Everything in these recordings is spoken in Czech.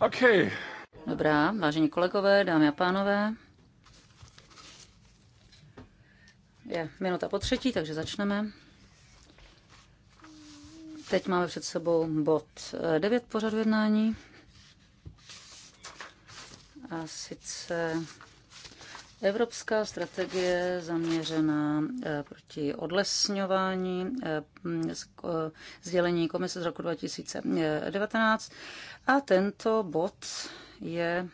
Okay. Dobrá, vážení kolegové, dámy a pánové. Je minuta po třetí, takže začneme. Teď máme před sebou bod 9 eh, pořadu jednání. A sice Evropská strategie zaměřená eh, proti odlesňování, eh, eh, sdělení komise z roku 2019. A tento bod je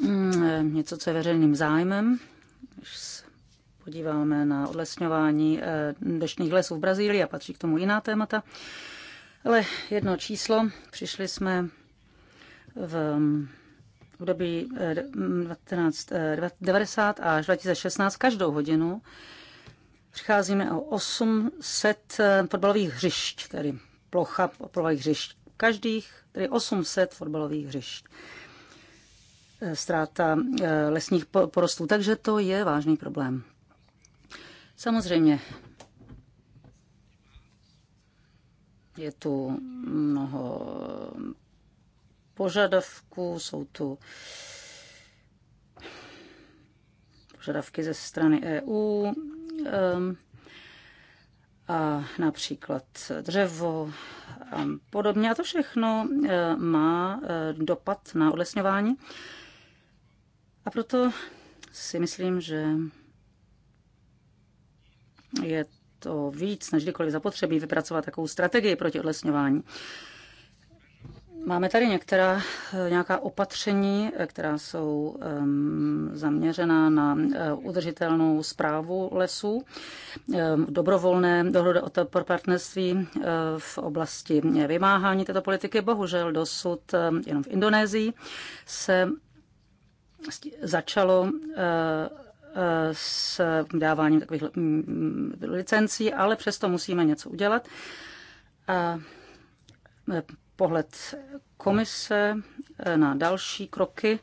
mm, něco, co je veřejným zájmem. Když se podíváme na odlesňování deštných lesů v Brazílii a patří k tomu jiná témata. Ale jedno číslo, přišli jsme v období 1990 eh, eh, až 2016 každou hodinu přicházíme o 800 eh, fotbalových hřišť, tedy plocha fotbalových hřišť. Každých, tedy 800 fotbalových hřišť. Ztráta lesních porostů. Takže to je vážný problém. Samozřejmě je tu mnoho požadavků, jsou tu požadavky ze strany EU a například dřevo a podobně. A to všechno e, má e, dopad na odlesňování. A proto si myslím, že je to víc než kdykoliv zapotřebí vypracovat takovou strategii proti odlesňování. Máme tady některá, eh, nějaká opatření, eh, která jsou um, ehm, zaměřena na eh, udržitelnou zprávu lesů, um, dobrovolné dohody o pro partnerství v oblasti vymáhání této politiky. Bohužel dosud um, jenom v Indonésii se začalo uh, s dáváním takových mm, mm, licencí, ale přesto musíme něco udělat pohled komise eh, na další kroky.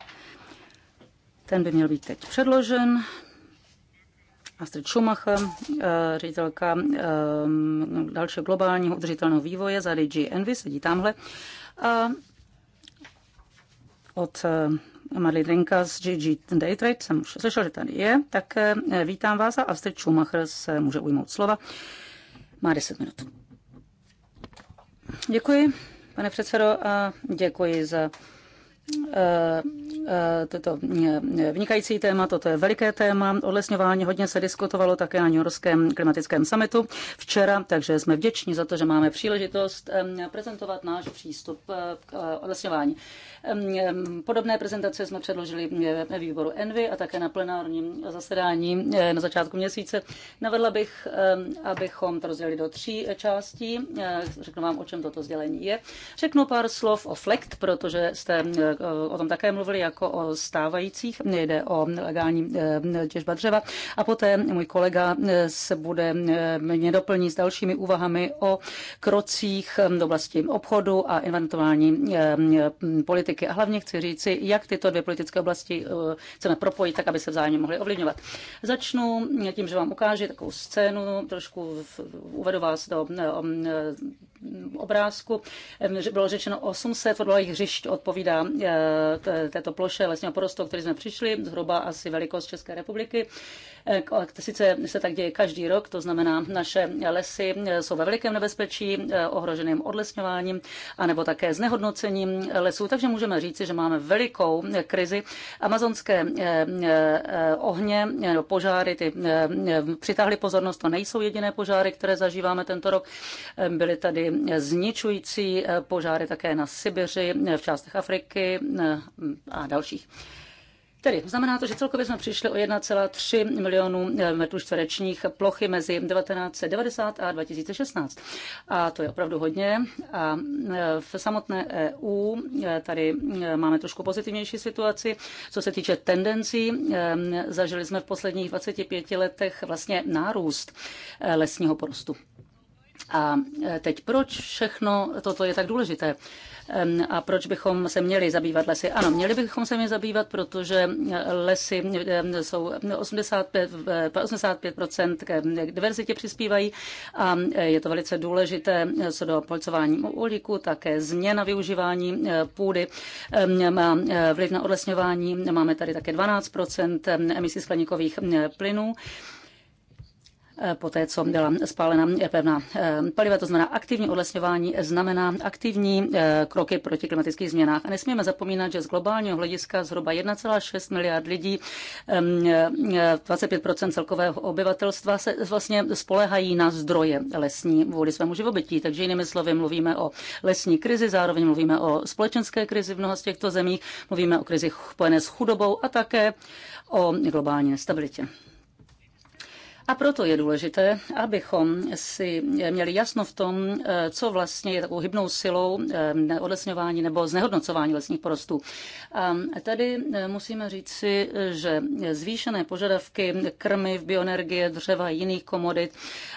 Ten by měl být teď předložen. Astrid Schumacher, eh, ředitelka eh, dalšího globálního udržitelného vývoje za DG Envy, sedí tamhle. A od Marley Drinka z GG Trade, jsem už slyšel, že tady je, tak vítám vás a Astrid Schumacher se může ujmout slova. Má 10 minut. Děkuji pane předsedo, děkuji za Eh, eh, toto eh, vynikající téma, toto je veliké téma. Odlesňování hodně se diskutovalo také na New Yorkském klimatickém summitu včera, takže jsme vděční za to, že máme příležitost prezentovat náš přístup k odlesňování. Podobné prezentace jsme předložili ve výboru Envy a také na plenárním zasedání na začátku měsíce. Navedla bych, abychom to rozdělili do tří částí. Řeknu vám, o čem toto sdělení je. Řeknu pár slov o FLECT, protože jste o tom také mluvili jako o stávajících, jde o legální eh, těžba dřeva. A poté můj kolega eh, se bude eh, mě doplnit s dalšími úvahami o krocích do oblasti obchodu a inventování politiky. A hlavně chci říci, jak tyto dvě politické oblasti chceme propojit, tak aby se vzájemně mohly ovlivňovat. Začnu tím, že vám ukážu takovou scénu, trošku uvedu vás do obrázku bylo řečeno 800 fotbalových hřišť odpovídá e, této ploše lesního porostu, o který jsme přišli, zhruba asi velikost České republiky. E, sice se tak děje každý rok, to znamená, naše lesy e, jsou ve velikém nebezpečí, ohroženým odlesňováním, anebo také znehodnocením lesů, takže můžeme říci, že máme velikou krizi. Amazonské ohně, požáry, ty přitáhly pozornost, to nejsou jediné požáry, které zažíváme tento rok. Byly tady zničující eh, požáry také na Sibiři, eh, v částech Afriky eh, a dalších. Tedy znamená to, že celkově jsme přišli o 1,3 milionů metrů čtverečních plochy mezi 1990 a 2016. A to je opravdu hodně. A v samotné EU tady máme trošku pozitivnější situaci. Co se týče tendencí, zažili jsme v posledních 25 letech vlastně nárůst lesního porostu. A e, teď proč všechno toto je tak důležité? A proč bychom se měli zabývat lesy? Ano, měli bychom se mě zabývat, protože e, lesy e, jsou 85, 85% k diverzitě přispívají a je to velice důležité co do polcování uhlíku, také změna využívání půdy má vliv na odlesňování. Máme tady také 12% emisí skleníkových plynů. Eh, po té, co byla spálena pevná eh, paliva. To znamená aktivní odlesňování, znamená aktivní eh, kroky proti klimatických změnách. A nesmíme zapomínat, že z globálního hlediska zhruba 1,6 miliard lidí, 25 celkového obyvatelstva se vlastně spolehají na zdroje lesní vůli svému živobytí. Takže jinými slovy mluvíme o lesní krizi, zároveň mluvíme o společenské krizi v mnoha z těchto zemích, mluvíme o krizi spojené s chudobou a také o globální nestabilitě. A proto je důležité, abychom si měli jasno v tom, eh, co vlastně je takovou hybnou silou eh, odlesňování nebo znehodnocování lesních porostů. A tady eh, musíme říci, že zvýšené požadavky krmiv, bioenergie, dřeva a jiných komodit,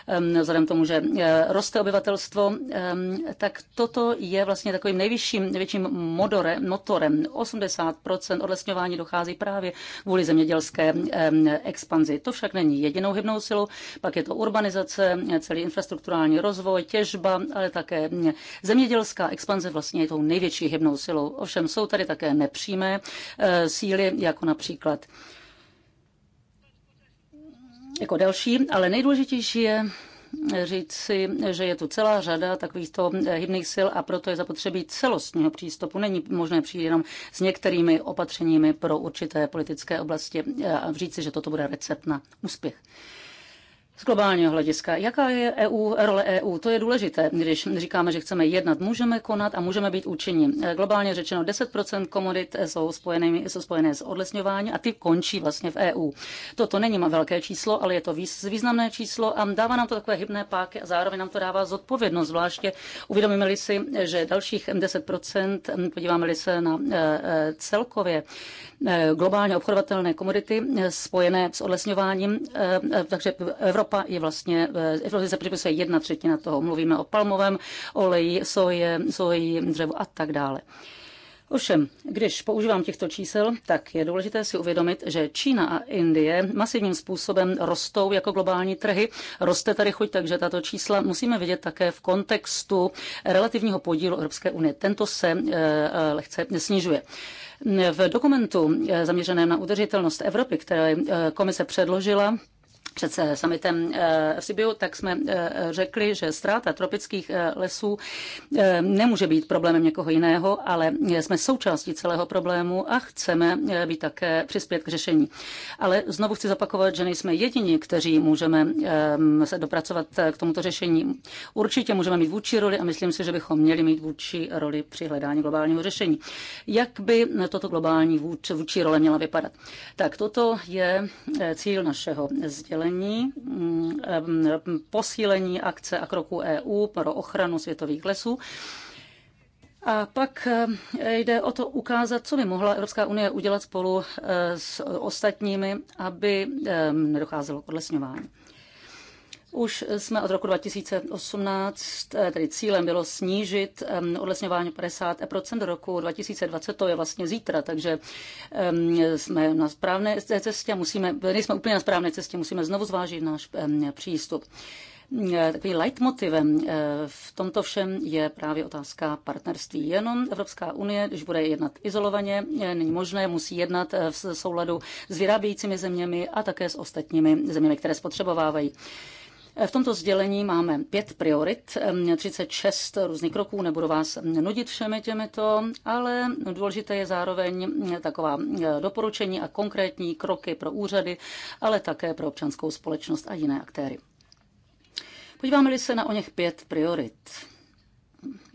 ehm, vzhledem k tomu, že roste obyvatelstvo, ehm, tak toto je vlastně takovým nejvyšším, největším modore, motorem. 80% odlesňování dochází právě kvůli zemědělské ehm, expanzi. To však není jedinou hybnou pracovnou silou. pak je to urbanizace, celý infrastrukturální rozvoj, těžba, ale také zemědělská expanze vlastně je tou největší hybnou silou. Ovšem jsou tady také nepřímé eh, síly, jako například jako další, ale nejdůležitější je eh, říct si, že je tu celá řada takovýchto eh, hybných sil a proto je zapotřebí celostního přístupu. Není možné přijít jenom s některými opatřeními pro určité politické oblasti a říct si, že toto bude recept na úspěch z globálního hlediska. Jaká je EU, role EU? To je důležité, když říkáme, že chceme jednat, můžeme konat a můžeme být účinní. E, globálně řečeno 10% komodit jsou, spojené, jsou spojené s odlesňováním a ty končí vlastně v EU. Toto není velké číslo, ale je to významné číslo a dává nám to takové hybné páky a zároveň nám to dává zodpovědnost, zvláště uvědomíme-li si, že dalších 10%, podíváme-li se na e, e, celkově globálně obchodovatelné komodity spojené s odlesňováním, takže Evropa Evropa je vlastně, Evropa eh, se připisuje jedna třetina toho. Mluvíme o palmovém oleji, soje, soji, dřevu a tak dále. Ovšem, když používám těchto čísel, tak je důležité si uvědomit, že Čína a Indie masivním způsobem rostou jako globální trhy. Roste tady chuť, takže tato čísla musíme vidět také v kontextu relativního podílu Evropské unie. Tento se eh, lehce snižuje. V dokumentu eh, zaměřeném na udržitelnost Evropy, které komise předložila, před eh, samitem eh, v Sibiu, tak jsme eh, řekli, že ztráta tropických lesů nemůže být problémem někoho jiného, ale jsme součástí celého problému a chceme být také přispět k řešení. Ale znovu chci zapakovat, že nejsme jediní, kteří můžeme se dopracovat k tomuto řešení. Určitě můžeme mít vůči roli a myslím si, že bychom měli mít vůči roli při hledání globálního řešení. Jak by toto globální vůči role měla vypadat? Tak toto je cíl našeho sdělení sdělení mm, eh, posílení akce a kroku e EU pro ochranu světových lesů. A pak eh, jde o to ukázat, co by mohla Evropská unie udělat spolu eh, s ostatními, aby nedocházelo k odlesňování. Už jsme od roku 2018, eh, tedy cílem bylo snížit odlesňování 50 do roku 2020, to je vlastně zítra, takže jsme na správné cestě, musíme, nejsme úplně na správné cestě, musíme znovu zvážit náš přístup. Takový leitmotivem eh, v tomto všem je právě otázka partnerství. Jenom Evropská unie, když bude jednat izolovaně, eh, není možné, musí jednat v souladu s vyrábějícími zeměmi a také s ostatními zeměmi, které spotřebovávají. V tomto sdělení máme pět priorit, 36 různých kroků, nebudu vás nudit všemi těmito, ale důležité je zároveň taková doporučení a konkrétní kroky pro úřady, ale také pro občanskou společnost a jiné aktéry. Podíváme-li se na o něch pět priorit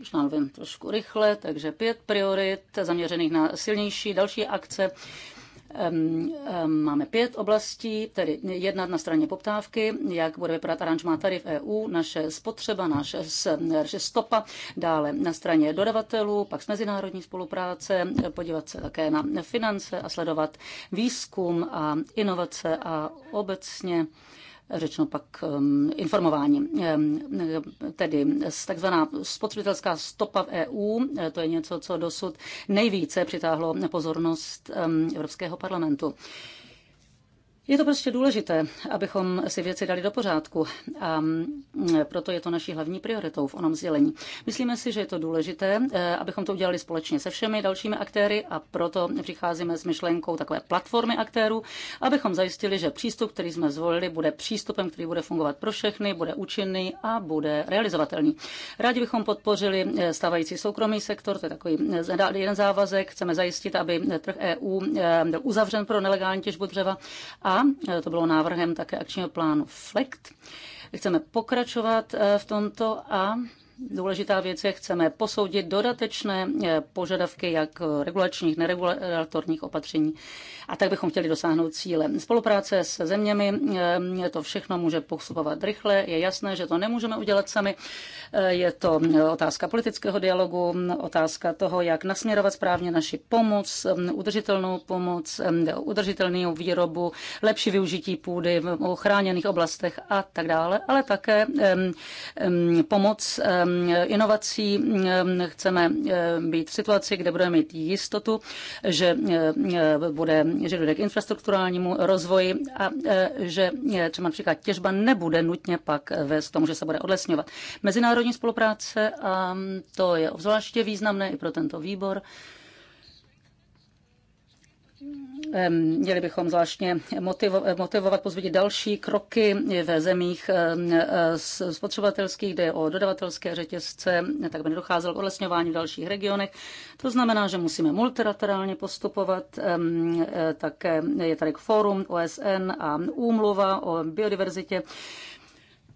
už nám trošku rychle, takže pět priorit zaměřených na silnější další akce, Máme pět oblastí, tedy jedna na straně poptávky, jak bude vypadat aranžmá tarif EU, naše spotřeba, naše, naše stopa, dále na straně dodavatelů, pak s mezinárodní spolupráce, podívat se také na finance a sledovat výzkum a inovace a obecně řečeno pak um, informování. Tedy takzvaná spotřebitelská stopa v EU, e, to je něco, co dosud nejvíce přitáhlo pozornost Evropského parlamentu. Je to prostě důležité, abychom si věci dali do pořádku a mm, proto je to naší hlavní prioritou v onom sdělení. Myslíme si, že je to důležité, eh, abychom to udělali společně se všemi dalšími aktéry a proto přicházíme s myšlenkou takové platformy aktérů, abychom zajistili, že přístup, který jsme zvolili, bude přístupem, který bude fungovat pro všechny, bude účinný a bude realizovatelný. Rádi bychom podpořili eh, stávající soukromý sektor, to je takový eh, jeden závazek, chceme zajistit, aby trh EU byl uzavřen pro nelegální těžbu dřeva a a e, to bylo návrhem také akčního plánu FLECT. Chceme pokračovat e, v tomto a důležitá věc je, chceme posoudit dodatečné požadavky jak regulačních, neregulatorních opatření a tak bychom chtěli dosáhnout cíle. Spolupráce s zeměmi, to všechno může posupovat rychle, je jasné, že to nemůžeme udělat sami. Je to otázka politického dialogu, otázka toho, jak nasměrovat správně naši pomoc, udržitelnou pomoc, udržitelný výrobu, lepší využití půdy v ochráněných oblastech a tak dále, ale také pomoc Um, inovací. Um, chceme uh, být v situaci, kde budeme mít jistotu, že uh, uh, bude, že dojde k infrastrukturálnímu rozvoji a že třeba například těžba nebude nutně pak vést k tomu, že se bude odlesňovat. Mezinárodní spolupráce, a um, to je obzvláště významné i pro tento výbor, Měli bychom zvláštně motivovat, pozvědět další kroky ve zemích spotřebatelských, kde je o dodavatelské řetězce, tak by nedocházelo k odlesňování v dalších regionech. To znamená, že musíme multilaterálně postupovat. Také je tady k fórum OSN a úmluva o biodiverzitě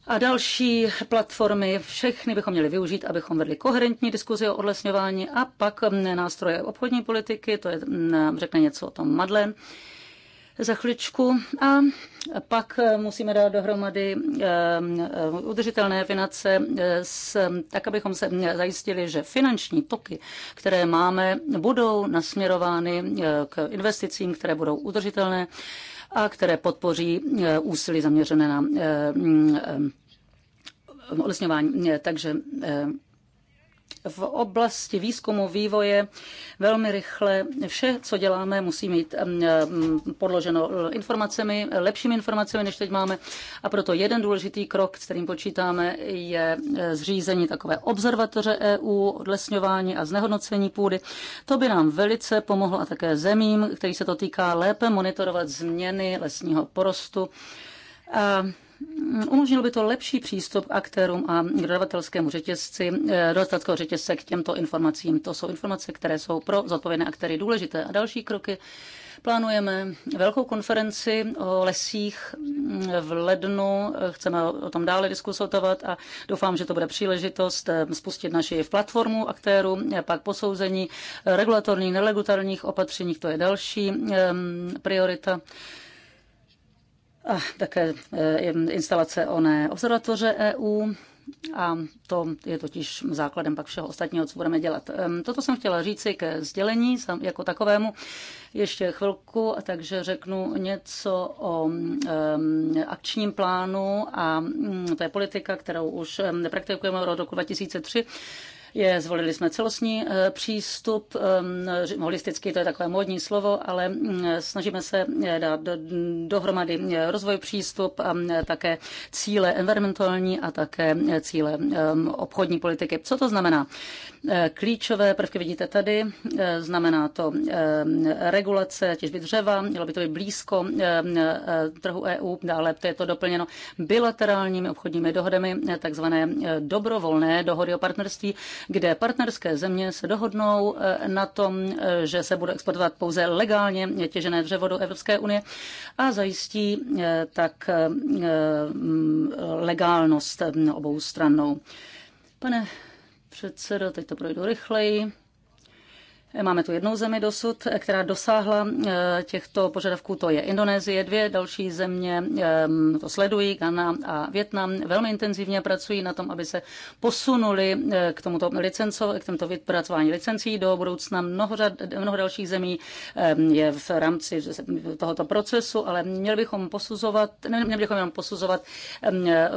a další platformy, všechny bychom měli využít, abychom vedli koherentní diskuzi o odlesňování a pak nástroje obchodní politiky, to je, řekne něco o tom Madlen za chviličku. A pak e, musíme dát dohromady e, e, udržitelné finance, s, tak abychom se zajistili, že finanční toky, které máme, budou nasměrovány k investicím, které budou udržitelné a které podpoří eh, úsilí zaměřené na eh, mm, eh, odlesňování. Takže v oblasti výzkumu vývoje velmi rychle. Vše, co děláme, musí mít podloženo eh, informacemi, lepšími informacemi, než teď máme. A proto jeden důležitý krok, s kterým počítáme, je eh, zřízení takové observatoře EU, odlesňování a znehodnocení půdy. To by nám velice pomohlo a také zemím, který se to týká, lépe monitorovat změny lesního porostu. Umožnilo by to lepší přístup aktérům a dodavatelskému řetězci, eh, dodavatelského řetězce k těmto informacím. To jsou informace, které jsou pro zodpovědné aktéry důležité. A další kroky plánujeme velkou konferenci o lesích v lednu. Chceme o tom dále diskutovat a doufám, že to bude příležitost eh, spustit naši platformu aktérů, eh, pak posouzení regulatorních, neregulatorních opatření, to je další priorita a také eh, instalace oné observatoře EU a to je totiž základem pak všeho ostatního, co budeme dělat. Ehm, toto jsem chtěla říci ke sdělení jako takovému. Ještě chvilku, takže řeknu něco o ehm, akčním plánu a mm, to je politika, kterou už ehm, nepraktikujeme od roku 2003. Je, zvolili jsme celostní eh, přístup, ehm, holistický to je takové módní slovo, ale mm, snažíme se eh, dát dohromady eh, rozvoj přístup a ehm, také cíle environmentální a také cíle ehm, obchodní politiky. Co to znamená? Klíčové prvky vidíte tady, znamená to regulace těžby dřeva, mělo by to být blízko trhu EU, dále to je to doplněno bilaterálními obchodními dohodami, takzvané dobrovolné dohody o partnerství kde partnerské země se dohodnou eh, na tom, eh, že se bude exportovat pouze legálně těžené dřevo do Evropské unie a zajistí eh, tak mm, legálnost obou stranou. Pane předsedo, teď to projdu rychleji. Máme tu jednou zemi dosud, eh, která dosáhla eh, těchto požadavků, to je Indonésie. Dvě další země eh, to sledují, Ghana a Větnam. Velmi intenzivně pracují na tom, aby se posunuli k tomuto licenco, k tomuto vypracování licencí do budoucna. Mnoho, řad, mnoho dalších zemí je v rámci tohoto procesu, ale měli bychom posuzovat, měli bychom jenom posuzovat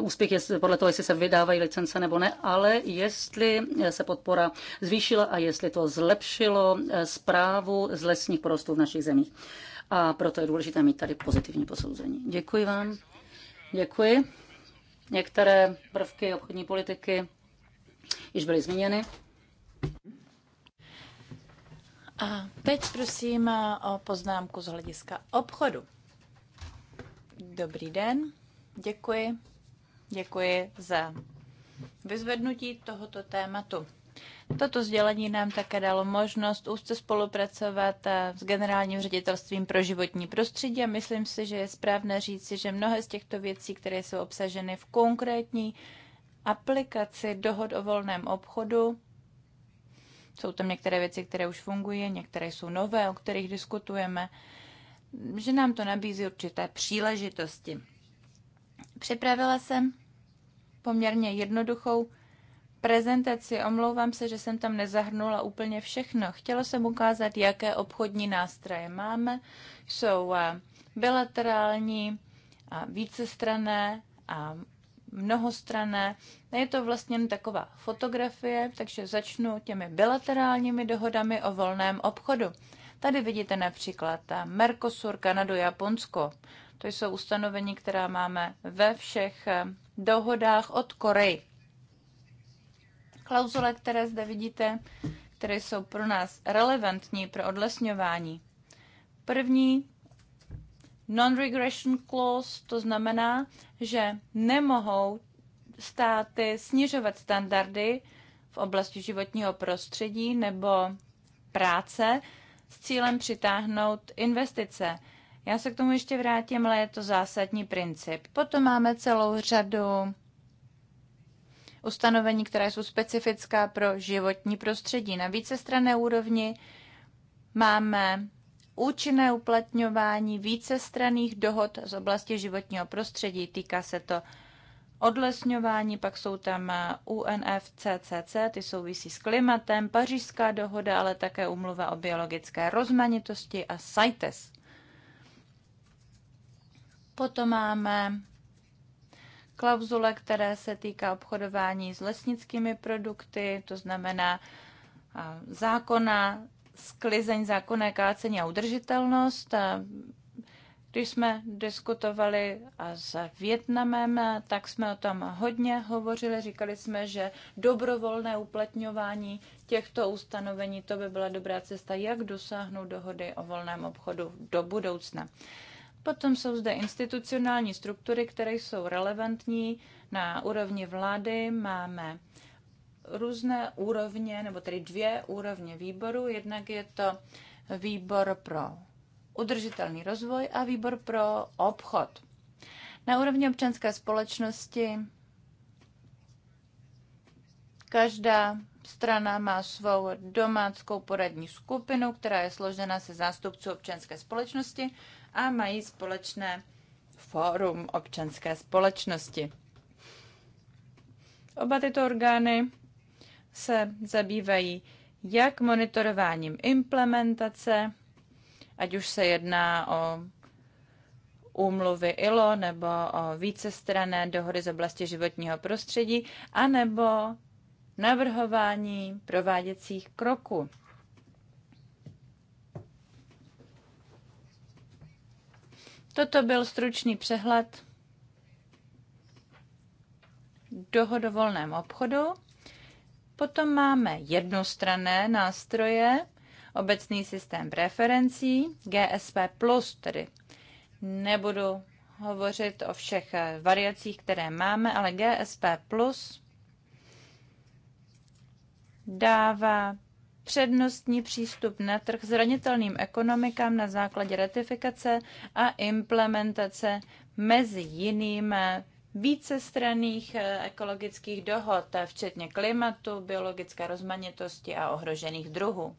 úspěch podle toho, jestli se vydávají licence nebo ne, ale jestli se podpora zvýšila a jestli to zlepšilo Eh, zprávu z lesních porostů v našich zemích. A proto je důležité mít tady pozitivní posouzení. Děkuji vám. Děkuji. Některé prvky obchodní politiky již byly zmíněny. A teď prosím o poznámku z hlediska obchodu. Dobrý den, děkuji. Děkuji za vyzvednutí tohoto tématu. Toto sdělení nám také dalo možnost úzce spolupracovat eh, s generálním ředitelstvím pro životní prostředí a myslím si, že je správné říci, že mnohé z těchto věcí, které jsou obsaženy v konkrétní aplikaci dohod o volném obchodu, jsou tam některé věci, které už fungují, některé jsou nové, o kterých diskutujeme, že nám to nabízí určité příležitosti. Připravila jsem poměrně jednoduchou prezentaci, omlouvám se, že jsem tam nezahrnula úplně všechno. Chtěla jsem ukázat, jaké obchodní nástroje máme. Jsou eh, bilaterální, a vícestrané a mnohostrané. Je to vlastně taková fotografie, takže začnu těmi bilaterálními dohodami o volném obchodu. Tady vidíte například eh, Mercosur, Kanadu, Japonsko. To jsou ustanovení, která máme ve všech eh, dohodách od Koreji klauzule, které zde vidíte, které jsou pro nás relevantní pro odlesňování. První non-regression clause, to znamená, že nemohou státy snižovat standardy v oblasti životního prostředí nebo práce s cílem přitáhnout investice. Já se k tomu ještě vrátím, ale je to zásadní princip. Potom máme celou řadu ustanovení, která jsou specifická pro životní prostředí. Na vícestranné úrovni máme účinné uplatňování vícestranných dohod z oblasti životního prostředí. Týká se to odlesňování, pak jsou tam UNFCCC, ty souvisí s klimatem, pařížská dohoda, ale také umluva o biologické rozmanitosti a CITES. Potom máme klauzule, která se týká obchodování s lesnickými produkty, to znamená zákona, sklizeň zákonné kácení a udržitelnost. Když jsme diskutovali s Větnamem, tak jsme o tom hodně hovořili. Říkali jsme, že dobrovolné uplatňování těchto ustanovení, to by byla dobrá cesta, jak dosáhnout dohody o volném obchodu do budoucna. Potom jsou zde institucionální struktury, které jsou relevantní na úrovni vlády. Máme různé úrovně, nebo tedy dvě úrovně výboru. Jednak je to výbor pro udržitelný rozvoj a výbor pro obchod. Na úrovni občanské společnosti každá strana má svou domáckou poradní skupinu, která je složena se zástupců občanské společnosti a mají společné fórum občanské společnosti. Oba tyto orgány se zabývají jak monitorováním implementace, ať už se jedná o úmluvy ILO nebo o vícestrané dohody z oblasti životního prostředí, anebo navrhování prováděcích kroků. Toto byl stručný přehled dohodovolném obchodu. Potom máme jednostranné nástroje, obecný systém preferencí, GSP+, tedy nebudu hovořit o všech variacích, které máme, ale GSP Plus dává přednostní přístup na trh zranitelným ekonomikám na základě ratifikace a implementace mezi jiným vícestranných eh, ekologických dohod, eh, včetně klimatu, biologické rozmanitosti a ohrožených druhů.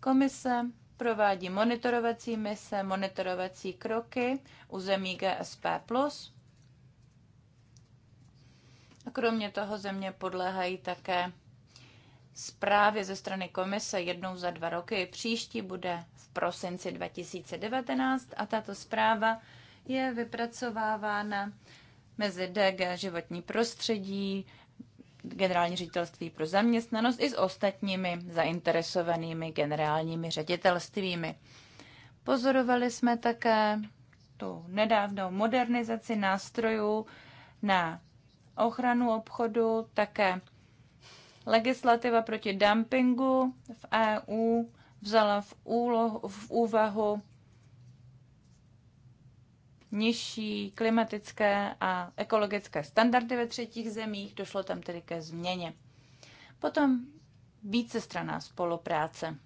Komise provádí monitorovací mise, monitorovací kroky u zemí GSP+. A kromě toho země podléhají také zprávy ze strany komise jednou za dva roky. Příští bude v prosinci 2019 a tato zpráva je vypracovávána mezi DG životní prostředí, generální ředitelství pro zaměstnanost i s ostatními zainteresovanými generálními ředitelstvími. Pozorovali jsme také tu nedávnou modernizaci nástrojů na ochranu obchodu, také Legislativa proti dumpingu v EU vzala v, úloh, v úvahu nižší klimatické a ekologické standardy ve třetích zemích, došlo tam tedy ke změně. Potom vícestraná spolupráce.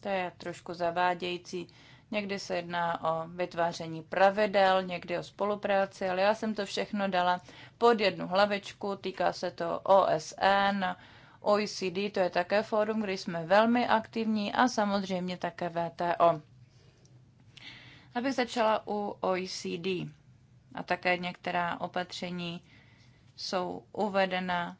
To je trošku zavádějící. Někdy se jedná o vytváření pravidel, někdy o spolupráci, ale já jsem to všechno dala pod jednu hlavečku. Týká se to OSN, OECD, to je také fórum, kde jsme velmi aktivní a samozřejmě také VTO. Abych začala u OECD a také některá opatření jsou uvedena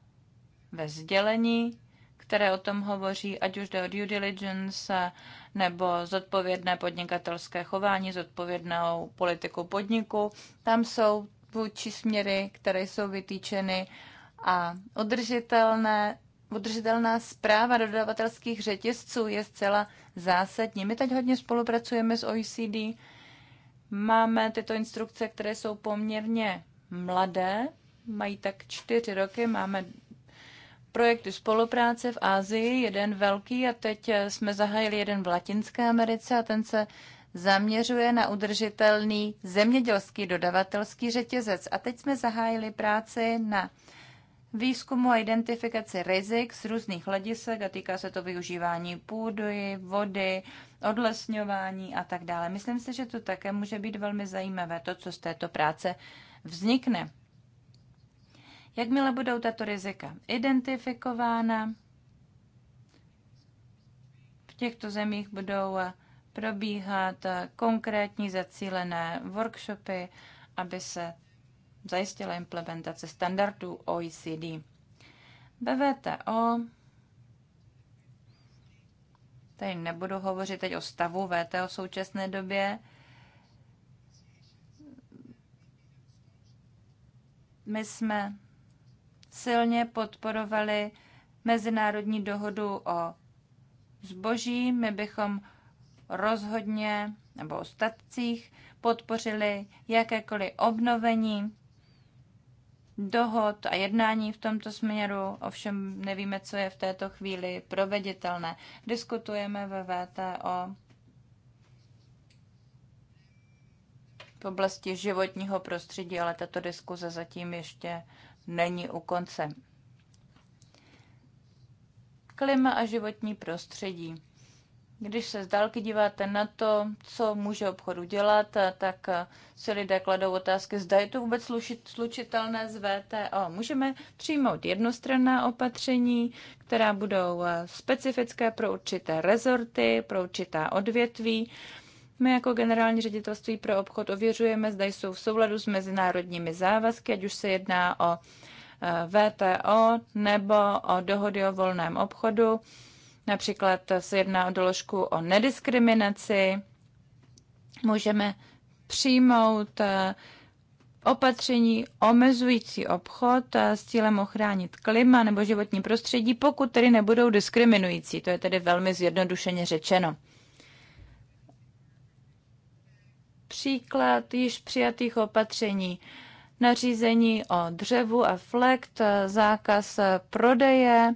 ve sdělení, které o tom hovoří, ať už jde o due diligence nebo zodpovědné podnikatelské chování, zodpovědnou politiku podniku. Tam jsou vůči směry, které jsou vytýčeny a udržitelné Udržitelná zpráva dodavatelských řetězců je zcela zásadní. My teď hodně spolupracujeme s OECD. Máme tyto instrukce, které jsou poměrně mladé, mají tak čtyři roky, máme projekty spolupráce v Ázii, jeden velký a teď eh, jsme zahájili jeden v Latinské Americe a ten se zaměřuje na udržitelný zemědělský dodavatelský řetězec. A teď jsme zahájili práci na výzkumu a identifikaci rizik z různých hledisek a týká se to využívání půdy, vody, odlesňování a tak dále. Myslím si, že to také může být velmi zajímavé, to, co z této práce vznikne. Jakmile budou tato rizika identifikována, v těchto zemích budou probíhat konkrétní zacílené workshopy, aby se zajistila implementace standardů OECD. BVTO, tady nebudu hovořit teď o stavu VTO v současné době, my jsme silně podporovali mezinárodní dohodu o zboží. My bychom rozhodně nebo o statcích podpořili jakékoliv obnovení dohod a jednání v tomto směru, ovšem nevíme, co je v této chvíli proveditelné. Diskutujeme ve VTO v oblasti životního prostředí, ale tato diskuze zatím ještě není u konce. Klima a životní prostředí. Když se z dálky díváte na to, co může obchod udělat, tak si lidé kladou otázky, zda je to vůbec slučitelné s VTO. Můžeme přijmout jednostranná opatření, která budou eh, specifické pro určité rezorty, pro určitá odvětví. My jako generální ředitelství pro obchod ověřujeme, zda jsou v souladu s mezinárodními závazky, ať už se jedná o eh, VTO nebo o dohody o volném obchodu Například se jedná o doložku o nediskriminaci. Můžeme přijmout eh, opatření omezující obchod eh, s cílem ochránit klima nebo životní prostředí, pokud tedy nebudou diskriminující. To je tedy velmi zjednodušeně řečeno. Příklad již přijatých opatření. Nařízení o dřevu a flekt, eh, zákaz prodeje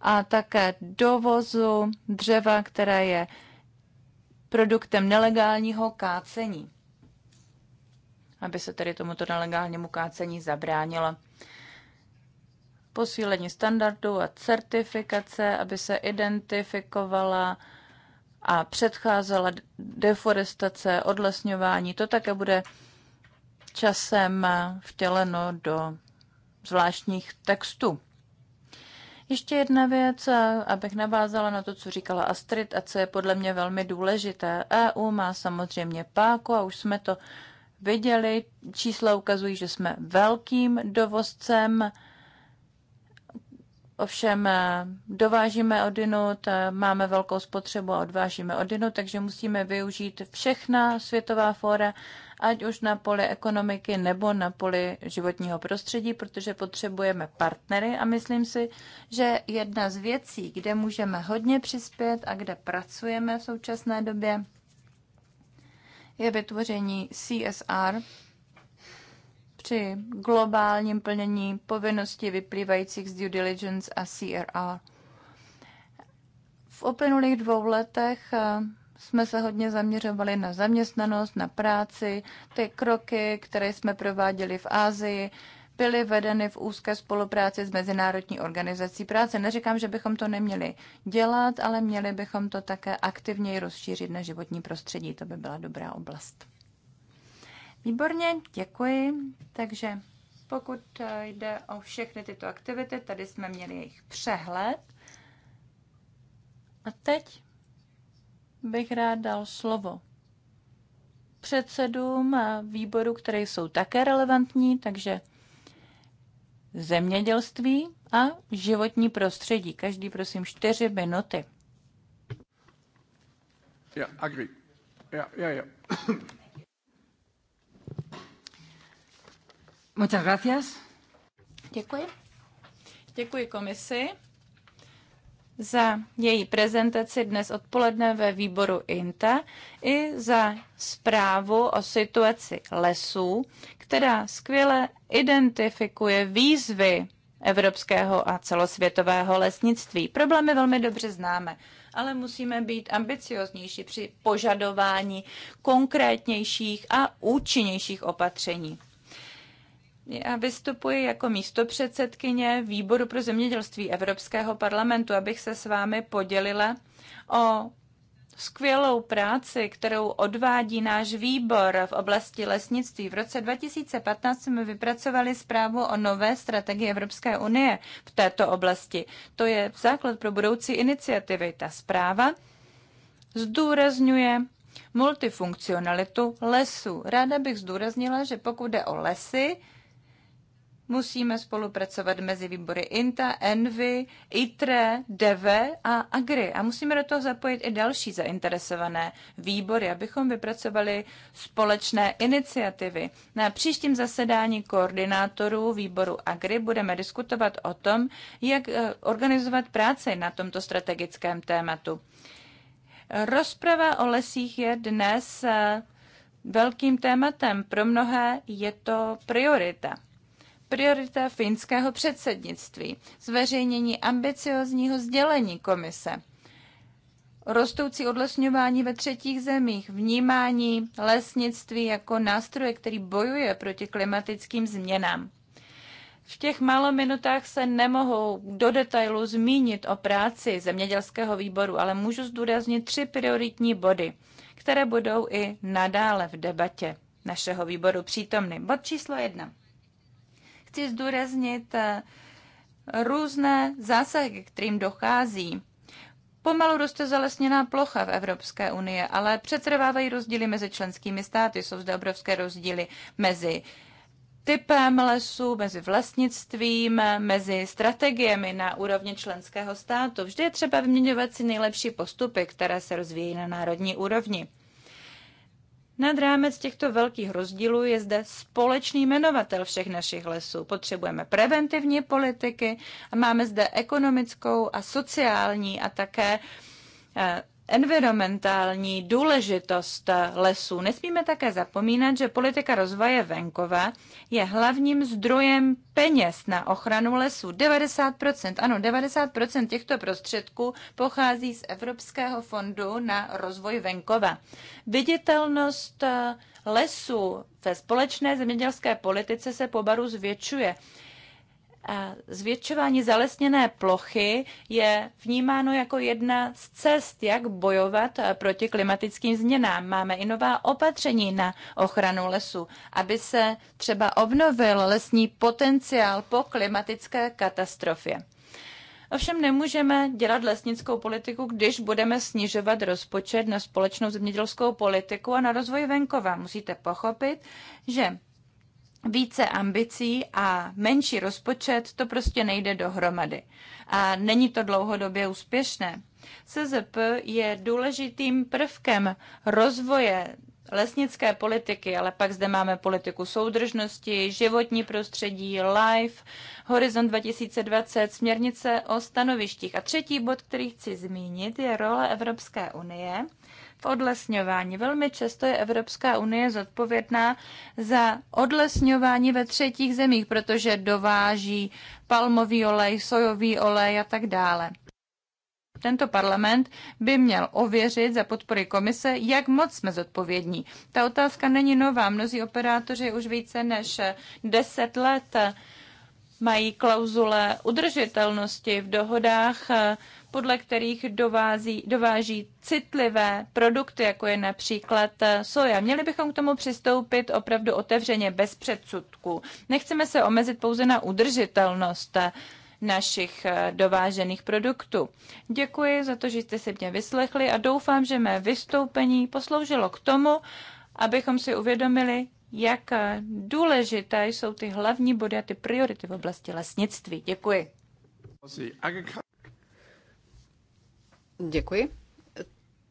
a také dovozu dřeva, které je produktem nelegálního kácení, aby se tedy tomuto nelegálnímu kácení zabránilo. Posílení standardů a certifikace, aby se identifikovala a předcházela deforestace, odlesňování. To také bude časem vtěleno do zvláštních textů. Ještě jedna věc, abych navázala na to, co říkala Astrid a co je podle mě velmi důležité. EU má samozřejmě páku a už jsme to viděli. Čísla ukazují, že jsme velkým dovozcem. Ovšem e, dovážíme odinut, e, máme velkou spotřebu a odvážíme odinut, takže musíme využít všechna světová fóra ať už na poli ekonomiky nebo na poli životního prostředí, protože potřebujeme partnery a myslím si, že jedna z věcí, kde můžeme hodně přispět a kde pracujeme v současné době, je vytvoření CSR při globálním plnění povinností vyplývajících z due diligence a CRR. V uplynulých dvou letech jsme se hodně zaměřovali na zaměstnanost, na práci. Ty kroky, které jsme prováděli v Ázii, byly vedeny v úzké spolupráci s Mezinárodní organizací práce. Neříkám, že bychom to neměli dělat, ale měli bychom to také aktivněji rozšířit na životní prostředí. To by byla dobrá oblast. Výborně, děkuji. Takže pokud eh, jde o všechny tyto aktivity, tady jsme měli jejich přehled. A teď bych rád dal slovo předsedům výboru, které jsou také relevantní, takže zemědělství a životní prostředí. Každý, prosím, čtyři minuty. Yeah, agri. Yeah, yeah, yeah. Muchas gracias. Děkuji. Děkuji komisi za její prezentaci dnes odpoledne ve výboru INTA i za zprávu o situaci lesů, která skvěle identifikuje výzvy evropského a celosvětového lesnictví. Problémy velmi dobře známe, ale musíme být ambicioznější při požadování konkrétnějších a účinnějších opatření. Já vystupuji jako místopředsedkyně Výboru pro zemědělství Evropského parlamentu, abych se s vámi podělila o skvělou práci, kterou odvádí náš výbor v oblasti lesnictví. V roce 2015 jsme vypracovali zprávu o nové strategii Evropské unie v této oblasti. To je základ pro budoucí iniciativy. Ta zpráva zdůrazňuje multifunkcionalitu lesů. Ráda bych zdůraznila, že pokud jde o lesy, musíme spolupracovat mezi výbory INTA, ENVY, ITRE, DEVE a AGRI. A musíme do toho zapojit i další zainteresované výbory, abychom vypracovali společné iniciativy. Na příštím zasedání koordinátorů výboru AGRI budeme diskutovat o tom, jak eh, organizovat práci na tomto strategickém tématu. Rozprava o lesích je dnes eh, velkým tématem. Pro mnohé je to priorita priorita finského předsednictví, zveřejnění ambiciozního sdělení komise, rostoucí odlesňování ve třetích zemích, vnímání lesnictví jako nástroje, který bojuje proti klimatickým změnám. V těch málo minutách se nemohou do detailu zmínit o práci zemědělského výboru, ale můžu zdůraznit tři prioritní body, které budou i nadále v debatě našeho výboru přítomny. Bod číslo jedna. Chci zdůraznit eh, různé zásahy, kterým dochází. Pomalu roste zalesněná plocha v Evropské unii, ale přetrvávají rozdíly mezi členskými státy. Jsou zde obrovské rozdíly mezi typem lesů, mezi vlastnictvím, mezi strategiemi na úrovni členského státu. Vždy je třeba vyměňovat si nejlepší postupy, které se rozvíjí na národní úrovni. Nad rámec těchto velkých rozdílů je zde společný jmenovatel všech našich lesů. Potřebujeme preventivní politiky a máme zde ekonomickou a sociální a také eh, environmentální důležitost lesů. Nesmíme také zapomínat, že politika rozvoje venkova je hlavním zdrojem peněz na ochranu lesů. 90%, ano, 90% těchto prostředků pochází z Evropského fondu na rozvoj venkova. Viditelnost lesů ve společné zemědělské politice se po baru zvětšuje zvětšování zalesněné plochy je vnímáno jako jedna z cest, jak bojovat eh, proti klimatickým změnám. Máme i nová opatření na ochranu lesu, aby se třeba obnovil lesní potenciál po klimatické katastrofě. Ovšem nemůžeme dělat lesnickou politiku, když budeme snižovat rozpočet na společnou zemědělskou politiku a na rozvoj venkova. Musíte pochopit, že více ambicí a menší rozpočet, to prostě nejde dohromady. A není to dlouhodobě úspěšné. SZP je důležitým prvkem rozvoje lesnické politiky, ale pak zde máme politiku soudržnosti, životní prostředí, LIFE, Horizon 2020, směrnice o stanovištích. A třetí bod, který chci zmínit, je role Evropské unie v odlesňování. Velmi často je Evropská unie zodpovědná za odlesňování ve třetích zemích, protože dováží palmový olej, sojový olej a tak dále. Tento parlament by měl ověřit za podpory komise, jak moc jsme zodpovědní. Ta otázka není nová. Mnozí operátoři už více než deset let mají klauzule udržitelnosti v dohodách, eh, podle kterých dovází, dováží citlivé produkty, jako je například eh, soja. Měli bychom k tomu přistoupit opravdu otevřeně, bez předsudků. Nechceme se omezit pouze na udržitelnost eh, našich dovážených produktů. Děkuji za to, že jste se mě vyslechli a doufám, že mé vystoupení posloužilo k tomu, abychom si uvědomili, jak důležité jsou ty hlavní body a ty priority v oblasti lesnictví. Děkuji. Děkuji.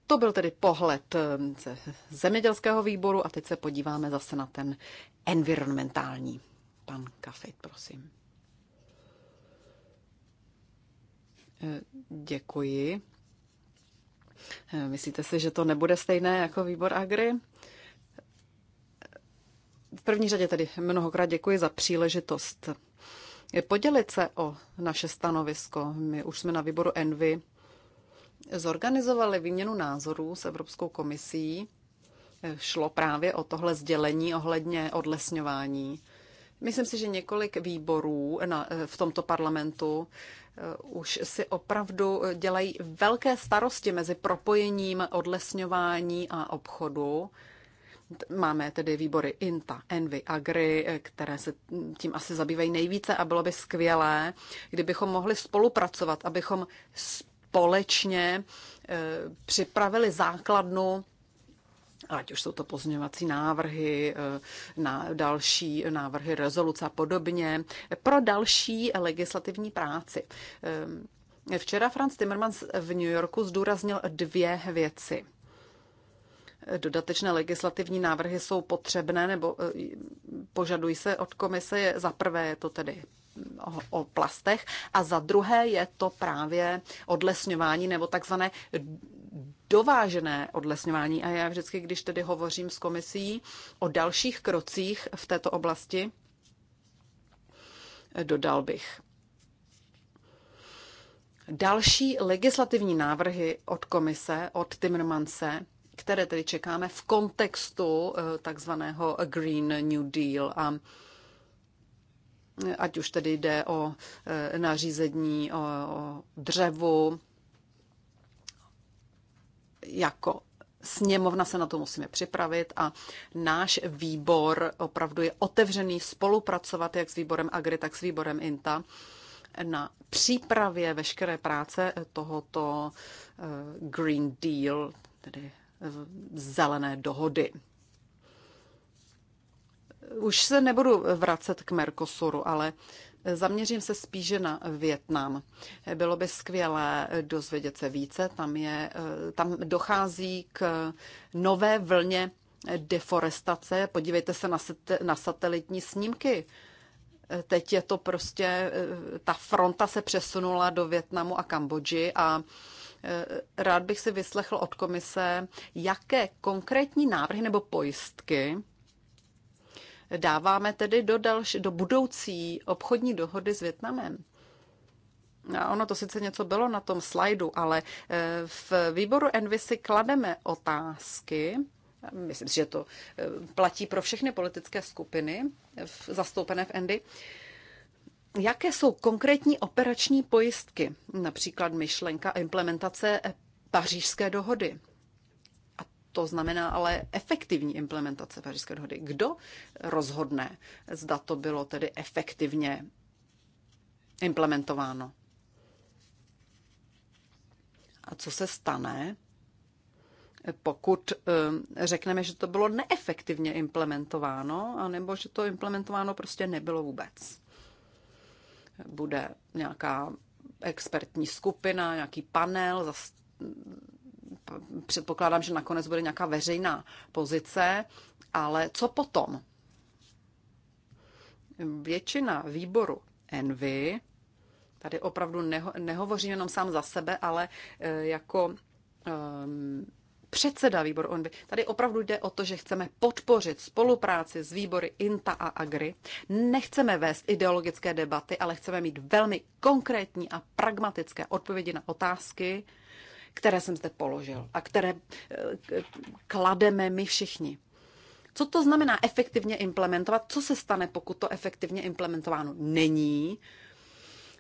To byl tedy pohled eh, ze zemědělského výboru a teď se podíváme zase na ten environmentální. Pan Kafit, prosím. Eh, děkuji. Eh, myslíte si, že to nebude stejné jako výbor Agri? v první řadě tedy mnohokrát děkuji za příležitost podělit se o naše stanovisko. My už jsme na výboru Envy zorganizovali výměnu názorů s Evropskou komisí. Šlo právě o tohle sdělení ohledně odlesňování. Myslím si, že několik výborů na, v tomto parlamentu eh, už si opravdu dělají velké starosti mezi propojením odlesňování a obchodu. Máme tedy výbory INTA, ENVY, AGRI, které se tím asi zabývají nejvíce a bylo by skvělé, kdybychom mohli spolupracovat, abychom společně e, připravili základnu ať už jsou to pozměňovací návrhy, e, na další návrhy rezoluce a podobně, pro další legislativní práci. E, včera Franz Timmermans v New Yorku zdůraznil dvě věci dodatečné legislativní návrhy jsou potřebné nebo e, požadují se od komise, je za prvé je to tedy o plastech a za druhé je to právě odlesňování nebo takzvané dovážené odlesňování. A já vždycky, když tedy hovořím s komisí o dalších krocích v této oblasti, dodal bych. Další legislativní návrhy od komise, od Timmermanse, které tedy čekáme v kontextu eh, takzvaného Green New Deal a eh, ať už tedy jde o eh, nařízení o, dřevu, jako sněmovna se na to musíme připravit a náš výbor opravdu je otevřený spolupracovat jak s výborem Agri, tak s výborem INTA na přípravě veškeré práce tohoto Green Deal, tedy zelené dohody. Už se nebudu vracet k Mercosuru, ale Zaměřím se spíše na Větnam. Bylo by skvělé dozvědět se více. Tam, je, tam dochází k nové vlně deforestace. Podívejte se na, na satelitní snímky. Teď je to prostě, ta fronta se přesunula do Větnamu a Kambodži a Eh, rád bych si vyslechl od komise, jaké konkrétní návrhy nebo pojistky dáváme tedy do, další, do budoucí obchodní dohody s Větnamem. A ono to sice něco bylo na tom slajdu, ale eh, v výboru Envy si klademe otázky, myslím že to eh, platí pro všechny politické skupiny zastoupené v Endy, Jaké jsou konkrétní operační pojistky, například myšlenka implementace pařížské dohody? A to znamená ale efektivní implementace pařížské dohody. Kdo rozhodne, zda to bylo tedy efektivně implementováno? A co se stane, pokud eh, řekneme, že to bylo neefektivně implementováno, anebo že to implementováno prostě nebylo vůbec? bude nějaká expertní skupina, nějaký panel, předpokládám, že nakonec bude nějaká veřejná pozice, ale co potom? Většina výboru Envy, tady opravdu neho, nehovořím jenom sám za sebe, ale eh, jako um, předseda výboru ONVY. Tady opravdu jde o to, že chceme podpořit spolupráci s výbory INTA a AGRI. Nechceme vést ideologické debaty, ale chceme mít velmi konkrétní a pragmatické odpovědi na otázky, které jsem zde položil a které eh, klademe my všichni. Co to znamená efektivně implementovat? Co se stane, pokud to efektivně implementováno není?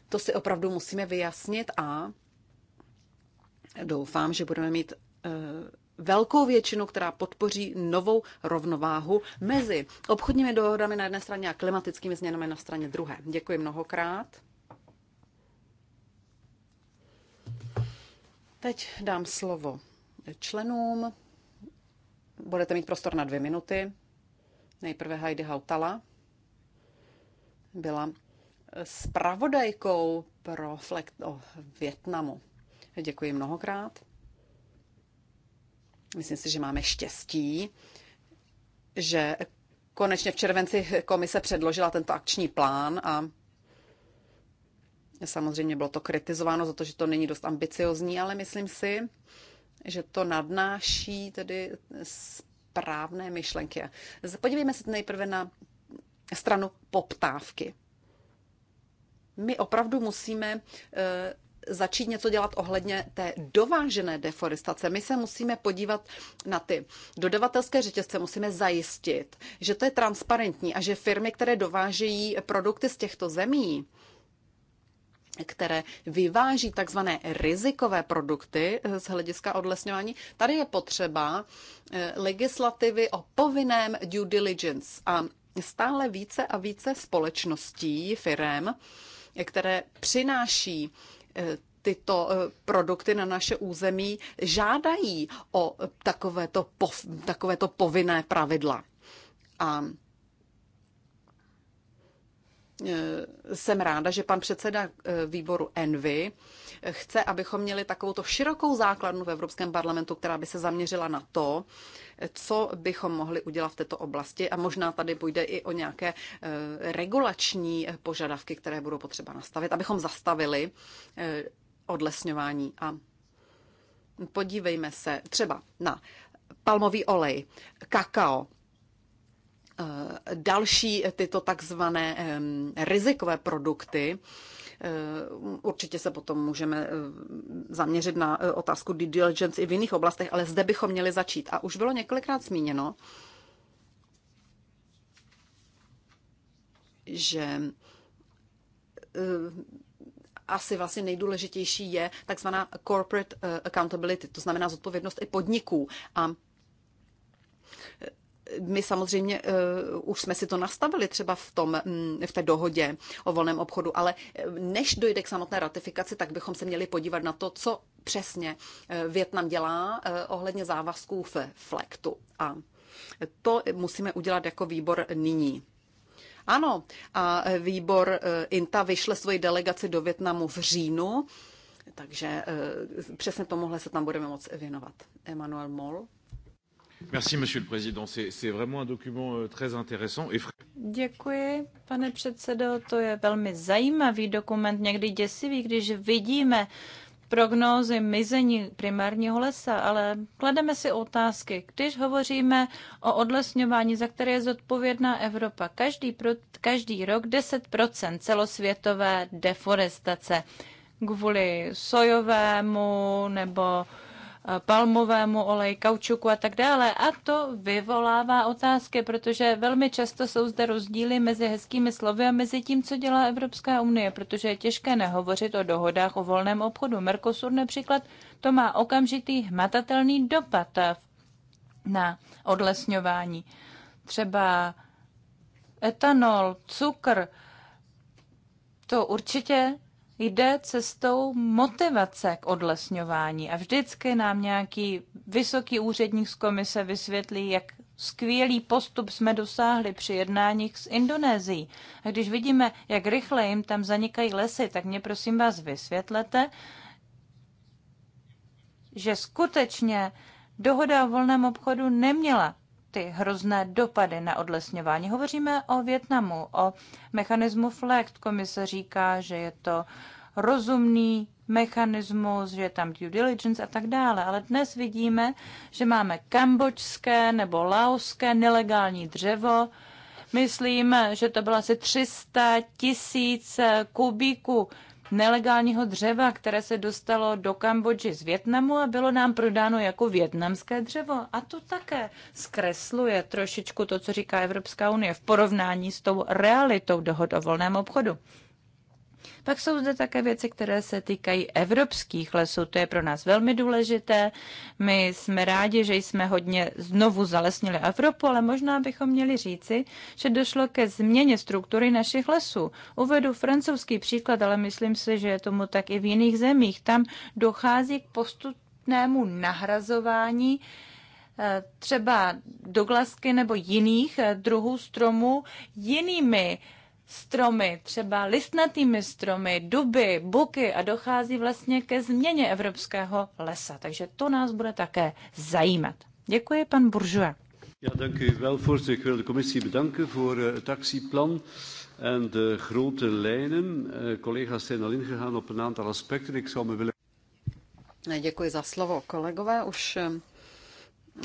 To si opravdu musíme vyjasnit a doufám, že budeme mít Eh, velkou většinu, která podpoří novou rovnováhu mezi obchodními dohodami na jedné straně a klimatickými změnami na straně druhé. Děkuji mnohokrát. Teď dám slovo členům. Budete mít prostor na dvě minuty. Nejprve Heidi Hautala byla spravodajkou pro Flekt o Větnamu. Děkuji mnohokrát. Myslím si, že máme štěstí, že konečně v červenci komise předložila tento akční plán a samozřejmě bylo to kritizováno za to, že to není dost ambiciozní, ale myslím si, že to nadnáší tedy správné myšlenky. Podívejme se nejprve na stranu poptávky. My opravdu musíme eh, začít něco dělat ohledně té dovážené deforestace. My se musíme podívat na ty dodavatelské řetězce, musíme zajistit, že to je transparentní a že firmy, které dovážejí produkty z těchto zemí, které vyváží takzvané rizikové produkty eh, z hlediska odlesňování. Tady je potřeba eh, legislativy o povinném due diligence a stále více a více společností, firm, které přináší Eh, tyto eh, produkty na naše území žádají o takovéto, pov, takovéto povinné pravidla. A Eh, jsem ráda, že pan předseda eh, výboru Envy eh, chce, abychom měli takovou širokou základnu v Evropském parlamentu, která by se zaměřila na to, co bychom mohli udělat v této oblasti a možná tady půjde i o nějaké regulační požadavky, které budou potřeba nastavit, abychom zastavili odlesňování a podívejme se třeba na palmový olej, kakao, Eh, další tyto takzvané rizikové produkty, eh, Určitě se potom můžeme eh, zaměřit na otázku due diligence i v jiných oblastech, ale zde bychom měli začít. A už bylo několikrát zmíněno, že asi vlastně nejdůležitější je takzvaná corporate accountability, to znamená zodpovědnost i podniků. A my samozřejmě uh, už jsme si to nastavili třeba v, tom, mm, v té dohodě o volném obchodu, ale eh, než dojde k samotné ratifikaci, tak bychom se měli podívat na to, co přesně uh, eh, Větnam dělá uh, ohledně závazků v flektu. A to musíme udělat jako výbor nyní. Ano, a výbor INTA vyšle svoji delegaci do Větnamu v říjnu, takže přesně tomuhle se tam budeme moc věnovat. Emanuel Moll. Merci, monsieur le président. C'est vraiment un document euh, très intéressant. Et... Děkuji, pane předsedo. To je velmi zajímavý dokument, někdy děsivý, když vidíme prognózy mizení primárního lesa, ale klademe si otázky. Když hovoříme o odlesňování, za které je zodpovědná Evropa, každý, pro, každý rok 10% celosvětové deforestace kvůli sojovému nebo Eh, palmovému oleji, kaučuku a tak dále. A to vyvolává otázky, protože velmi často jsou zde rozdíly mezi hezkými slovy a mezi tím, co dělá Evropská unie, protože je těžké nehovořit o dohodách o volném obchodu. Mercosur například, to má okamžitý hmatatelný dopad na odlesňování. Třeba etanol, cukr, to určitě jde cestou motivace k odlesňování a vždycky nám nějaký vysoký úředník z komise vysvětlí, jak skvělý postup jsme dosáhli při jednáních s Indonésií. A když vidíme, jak rychle jim tam zanikají lesy, tak mě prosím vás vysvětlete, že skutečně dohoda o volném obchodu neměla ty hrozné dopady na odlesňování. Hovoříme o Větnamu, o mechanismu FLECT. Komise říká, že je to rozumný mechanismus, že je tam due diligence a tak dále. Ale dnes vidíme, že máme kambočské nebo laoské nelegální dřevo. Myslím, že to bylo asi 300 tisíc kubíků nelegálního dřeva, které se dostalo do Kambodži z Větnamu a bylo nám prodáno jako větnamské dřevo. A to také zkresluje trošičku to, co říká Evropská unie v porovnání s tou realitou dohod o volném obchodu. Pak jsou zde také věci, které se týkají evropských lesů. To je pro nás velmi důležité. My jsme rádi, že jsme hodně znovu zalesnili Evropu, ale možná bychom měli říci, že došlo ke změně struktury našich lesů. Uvedu francouzský příklad, ale myslím si, že je tomu tak i v jiných zemích. Tam dochází k postupnému nahrazování eh, třeba doglasky nebo jiných eh, druhů stromů jinými stromy, třeba listnatými stromy, duby, buky a dochází vlastně ke změně evropského lesa. Takže to nás bude také zajímat. Děkuji, pan Buržuje. Ja, dank u wel, voorzitter. Ik wil de commissie bedanken voor uh, het actieplan en de grote lijnen. Uh, collega's zijn al ingegaan op een aantal aspecten. Ik zou me willen... Eh, děkuji za slovo. Kolegové už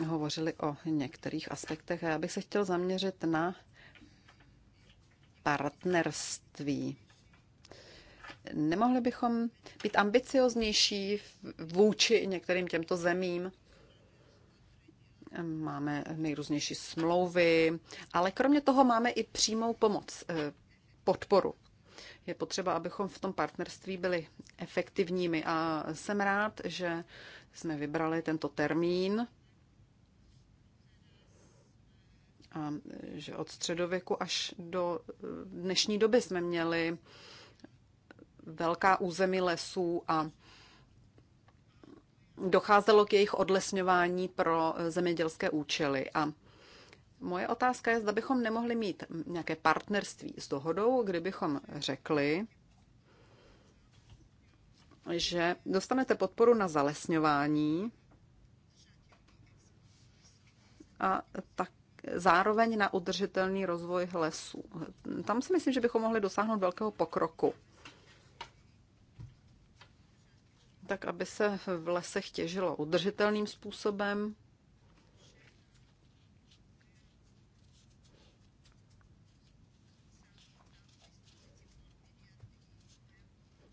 hovořili o některých aspektech a já bych se chtěl zaměřit na partnerství. Nemohli bychom být ambicioznější vůči některým těmto zemím? Máme nejrůznější smlouvy, ale kromě toho máme i přímou pomoc, eh, podporu. Je potřeba, abychom v tom partnerství byli efektivními a jsem rád, že jsme vybrali tento termín že od středověku až do eh, dnešní doby jsme měli velká území lesů a docházelo k jejich odlesňování pro eh, zemědělské účely. A moje otázka je, zda bychom nemohli mít nějaké partnerství s dohodou, kdybychom řekli, že dostanete podporu na zalesňování a tak zároveň na udržitelný rozvoj lesů. Tam si myslím, že bychom mohli dosáhnout velkého pokroku. Tak, aby se v lesech těžilo udržitelným způsobem,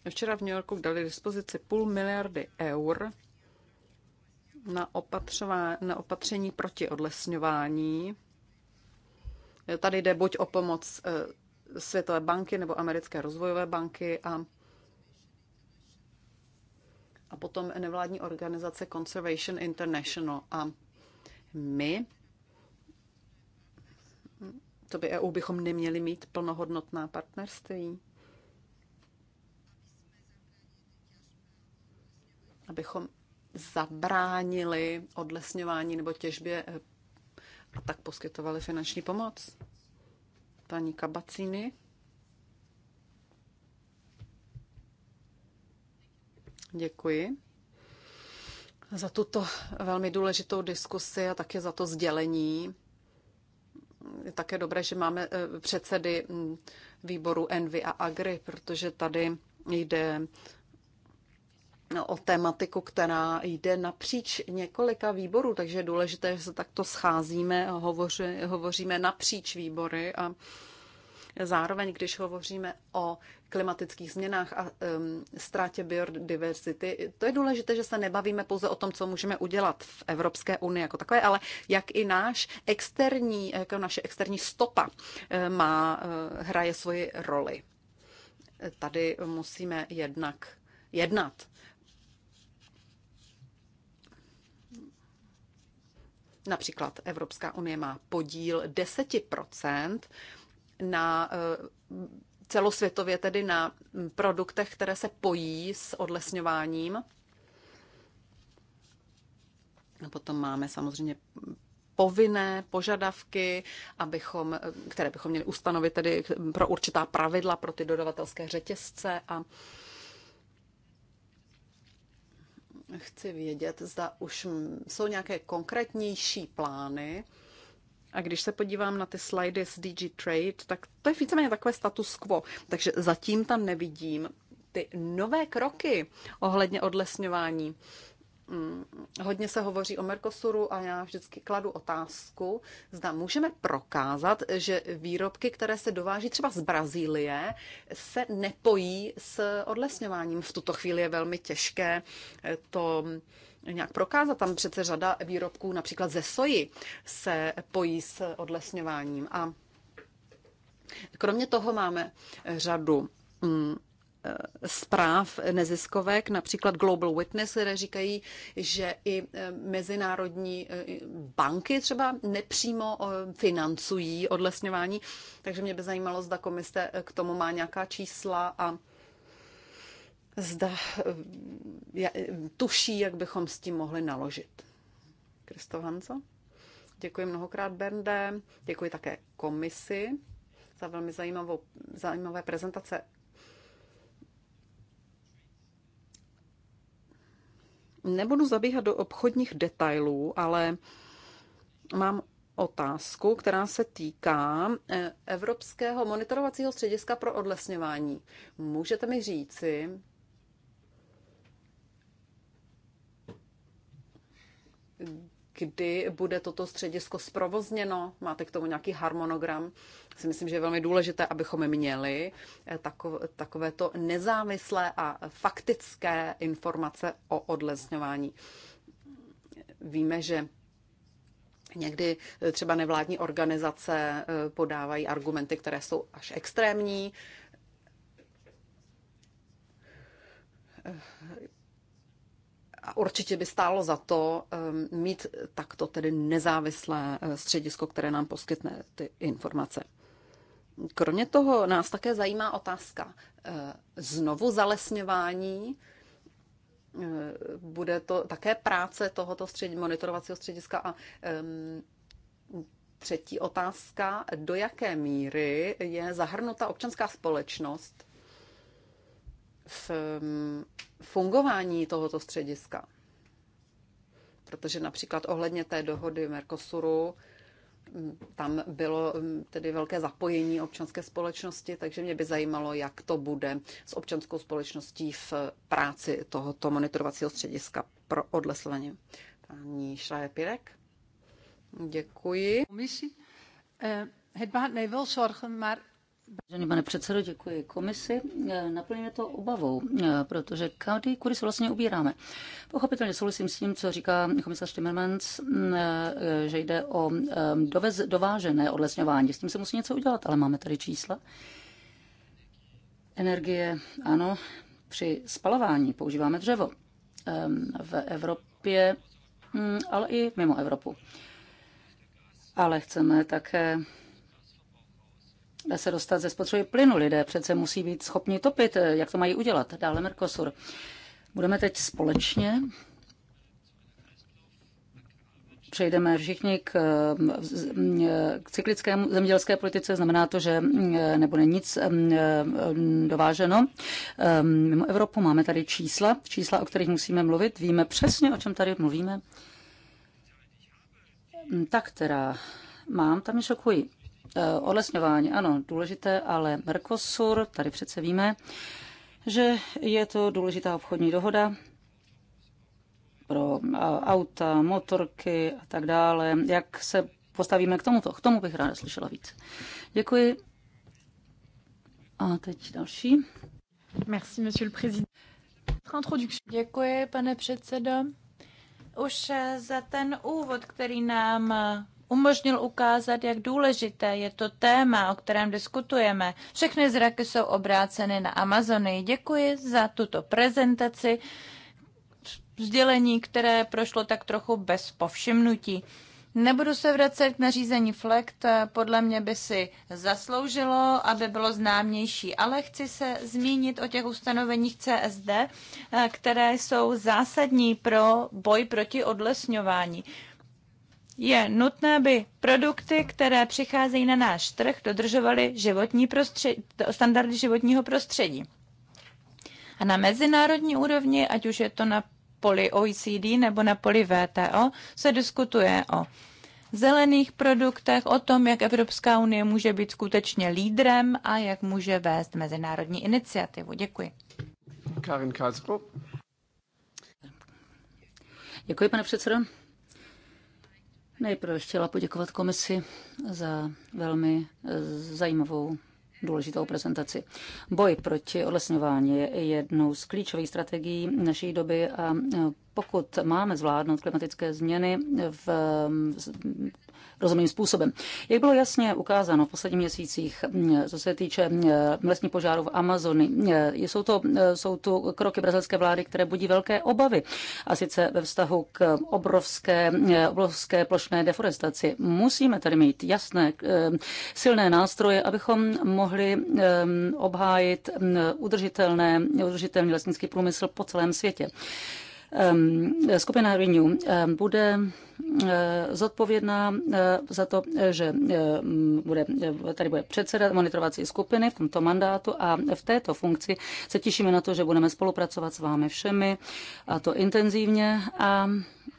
Včera v New Yorku dali dispozici půl miliardy eur na, opatřová, na opatření proti odlesňování. Tady jde buď o pomoc eh, Světové banky nebo Americké rozvojové banky a, a potom nevládní organizace Conservation International. A my, to by EU, bychom neměli mít plnohodnotná partnerství. Abychom zabránili odlesňování nebo těžbě eh, a tak poskytovali finanční pomoc. Paní Kabacíny. Děkuji za tuto velmi důležitou diskusi a také za to sdělení. Je také dobré, že máme eh, předsedy mm, výboru Envy a Agri, protože tady jde o tématiku, která jde napříč několika výborů, takže je důležité, že se takto scházíme, hovoři, hovoříme napříč výbory a zároveň, když hovoříme o klimatických změnách a um, ztrátě biodiverzity, to je důležité, že se nebavíme pouze o tom, co můžeme udělat v Evropské unii jako takové, ale jak i náš externí, jako naše externí stopa e, má, e, hraje svoji roli. E, tady musíme jednak jednat Například Evropská unie má podíl 10% na eh, celosvětově tedy na produktech, které se pojí s odlesňováním. A potom máme samozřejmě povinné požadavky, abychom, eh, které bychom měli ustanovit tedy pro určitá pravidla pro ty dodavatelské řetězce a Chci vědět, zda už jsou nějaké konkrétnější plány. A když se podívám na ty slidy z DG Trade, tak to je víceméně takové status quo. Takže zatím tam nevidím ty nové kroky ohledně odlesňování. Mm, hodně se hovoří o Mercosuru a já vždycky kladu otázku, zda můžeme prokázat, že výrobky, které se dováží třeba z Brazílie, se nepojí s odlesňováním. V tuto chvíli je velmi těžké eh, to eh, nějak prokázat. Tam přece řada výrobků, například ze soji, se pojí s odlesňováním. A kromě toho máme řadu mm, zpráv neziskovek, například Global Witness, které říkají, že i e, mezinárodní e, banky třeba nepřímo e, financují odlesňování, takže mě by zajímalo, zda komise k tomu má nějaká čísla a zda tuší, jak bychom s tím mohli naložit. Kristo Hanzo? Děkuji mnohokrát, Bernde. Děkuji také komisi za velmi zajímavou, zajímavé prezentace Nebudu zabíhat do obchodních detailů, ale mám otázku, která se týká eh, Evropského monitorovacího střediska pro odlesňování. Můžete mi říci, kdy bude toto středisko zprovozněno? Máte k tomu nějaký harmonogram? Si myslím, že je velmi důležité, abychom měli eh, takovéto nezávislé a faktické informace o odlesňování. Víme, že Někdy eh, třeba nevládní organizace eh, podávají argumenty, které jsou až extrémní a určitě by stálo za to ehm, mít takto tedy nezávislé eh, středisko, které nám poskytne ty informace. Kromě toho nás také zajímá otázka eh, znovu zalesňování. Eh, bude to také práce tohoto střed, monitorovacího střediska a ehm, Třetí otázka, do jaké míry je zahrnuta občanská společnost v fungování tohoto střediska. Protože například ohledně té dohody Mercosuru, tam bylo tedy velké zapojení občanské společnosti, takže mě by zajímalo, jak to bude s občanskou společností v práci tohoto monitorovacího střediska pro odleslení. Paní Šraje Pirek. Děkuji. Komisi, eh, het baat mij wel zorgen, maar Vážený pane předsedo, děkuji komisi. E, naplňuje to obavou, e, protože kdy kudy se vlastně ubíráme. Pochopitelně souhlasím s tím, co říká komisař Timmermans, e, že jde o dovez, dovážené odlesňování. S tím se musí něco udělat, ale máme tady čísla. Energie, ano, při spalování používáme dřevo v Evropě, ale i mimo Evropu. Ale chceme také se dostat ze spotřeby plynu. Lidé přece musí být schopni topit. Jak to mají udělat? Dále Mercosur. Budeme teď společně přejdeme všichni k, k cyklickému zemědělské politice, znamená to, že nebude nic dováženo. Mimo Evropu máme tady čísla, čísla, o kterých musíme mluvit. Víme přesně, o čem tady mluvíme. Ta, která mám, tam je šokují. Eh, odlesňování, ano, důležité, ale Mercosur, tady přece víme, že je to důležitá obchodní dohoda pro eh, auta, motorky a tak dále. Jak se postavíme k tomuto? K tomu bych ráda slyšela víc. Děkuji. A teď další. Merci, monsieur le président. Děkuji, pane předsedo. Už eh, za ten úvod, který nám umožnil ukázat, jak důležité je to téma, o kterém diskutujeme. Všechny zraky jsou obráceny na Amazonii. Děkuji za tuto prezentaci, vzdělení, které prošlo tak trochu bez povšimnutí. Nebudu se vracet k nařízení FLECT, podle mě by si zasloužilo, aby bylo známější, ale chci se zmínit o těch ustanoveních CSD, které jsou zásadní pro boj proti odlesňování je nutné, aby produkty, které přicházejí na náš trh, dodržovaly životní prostředí, standardy životního prostředí. A na mezinárodní úrovni, ať už je to na poli OECD nebo na poli VTO, se diskutuje o zelených produktech, o tom, jak Evropská unie může být skutečně lídrem a jak může vést mezinárodní iniciativu. Děkuji. Karin Karlsruhe. Děkuji, pane předsedo. Nejprve chtěla poděkovat komisi za velmi eh, zajímavou důležitou prezentaci. Boj proti odlesňování je jednou z klíčových strategií naší doby a eh, pokud máme zvládnout klimatické změny v rozumným způsobem. Jak bylo jasně ukázáno v posledních měsících, co se týče eh, lesní požáru v Amazony, eh, jsou to, eh, jsou to kroky brazilské vlády, které budí velké obavy. A sice ve vztahu k obrovské, obrovské plošné deforestaci. Musíme tady mít jasné, silné nástroje, abychom mohli obhájit mm, udržitelné, udržitelný lesnický průmysl po celém světě. Ehm, skupina Renew ehm, bude eh, zodpovědná eh, za to, že ehm, bude, tady bude předseda monitorovací skupiny v tomto mandátu a v této funkci se těšíme na to, že budeme spolupracovat s vámi všemi a to intenzivně a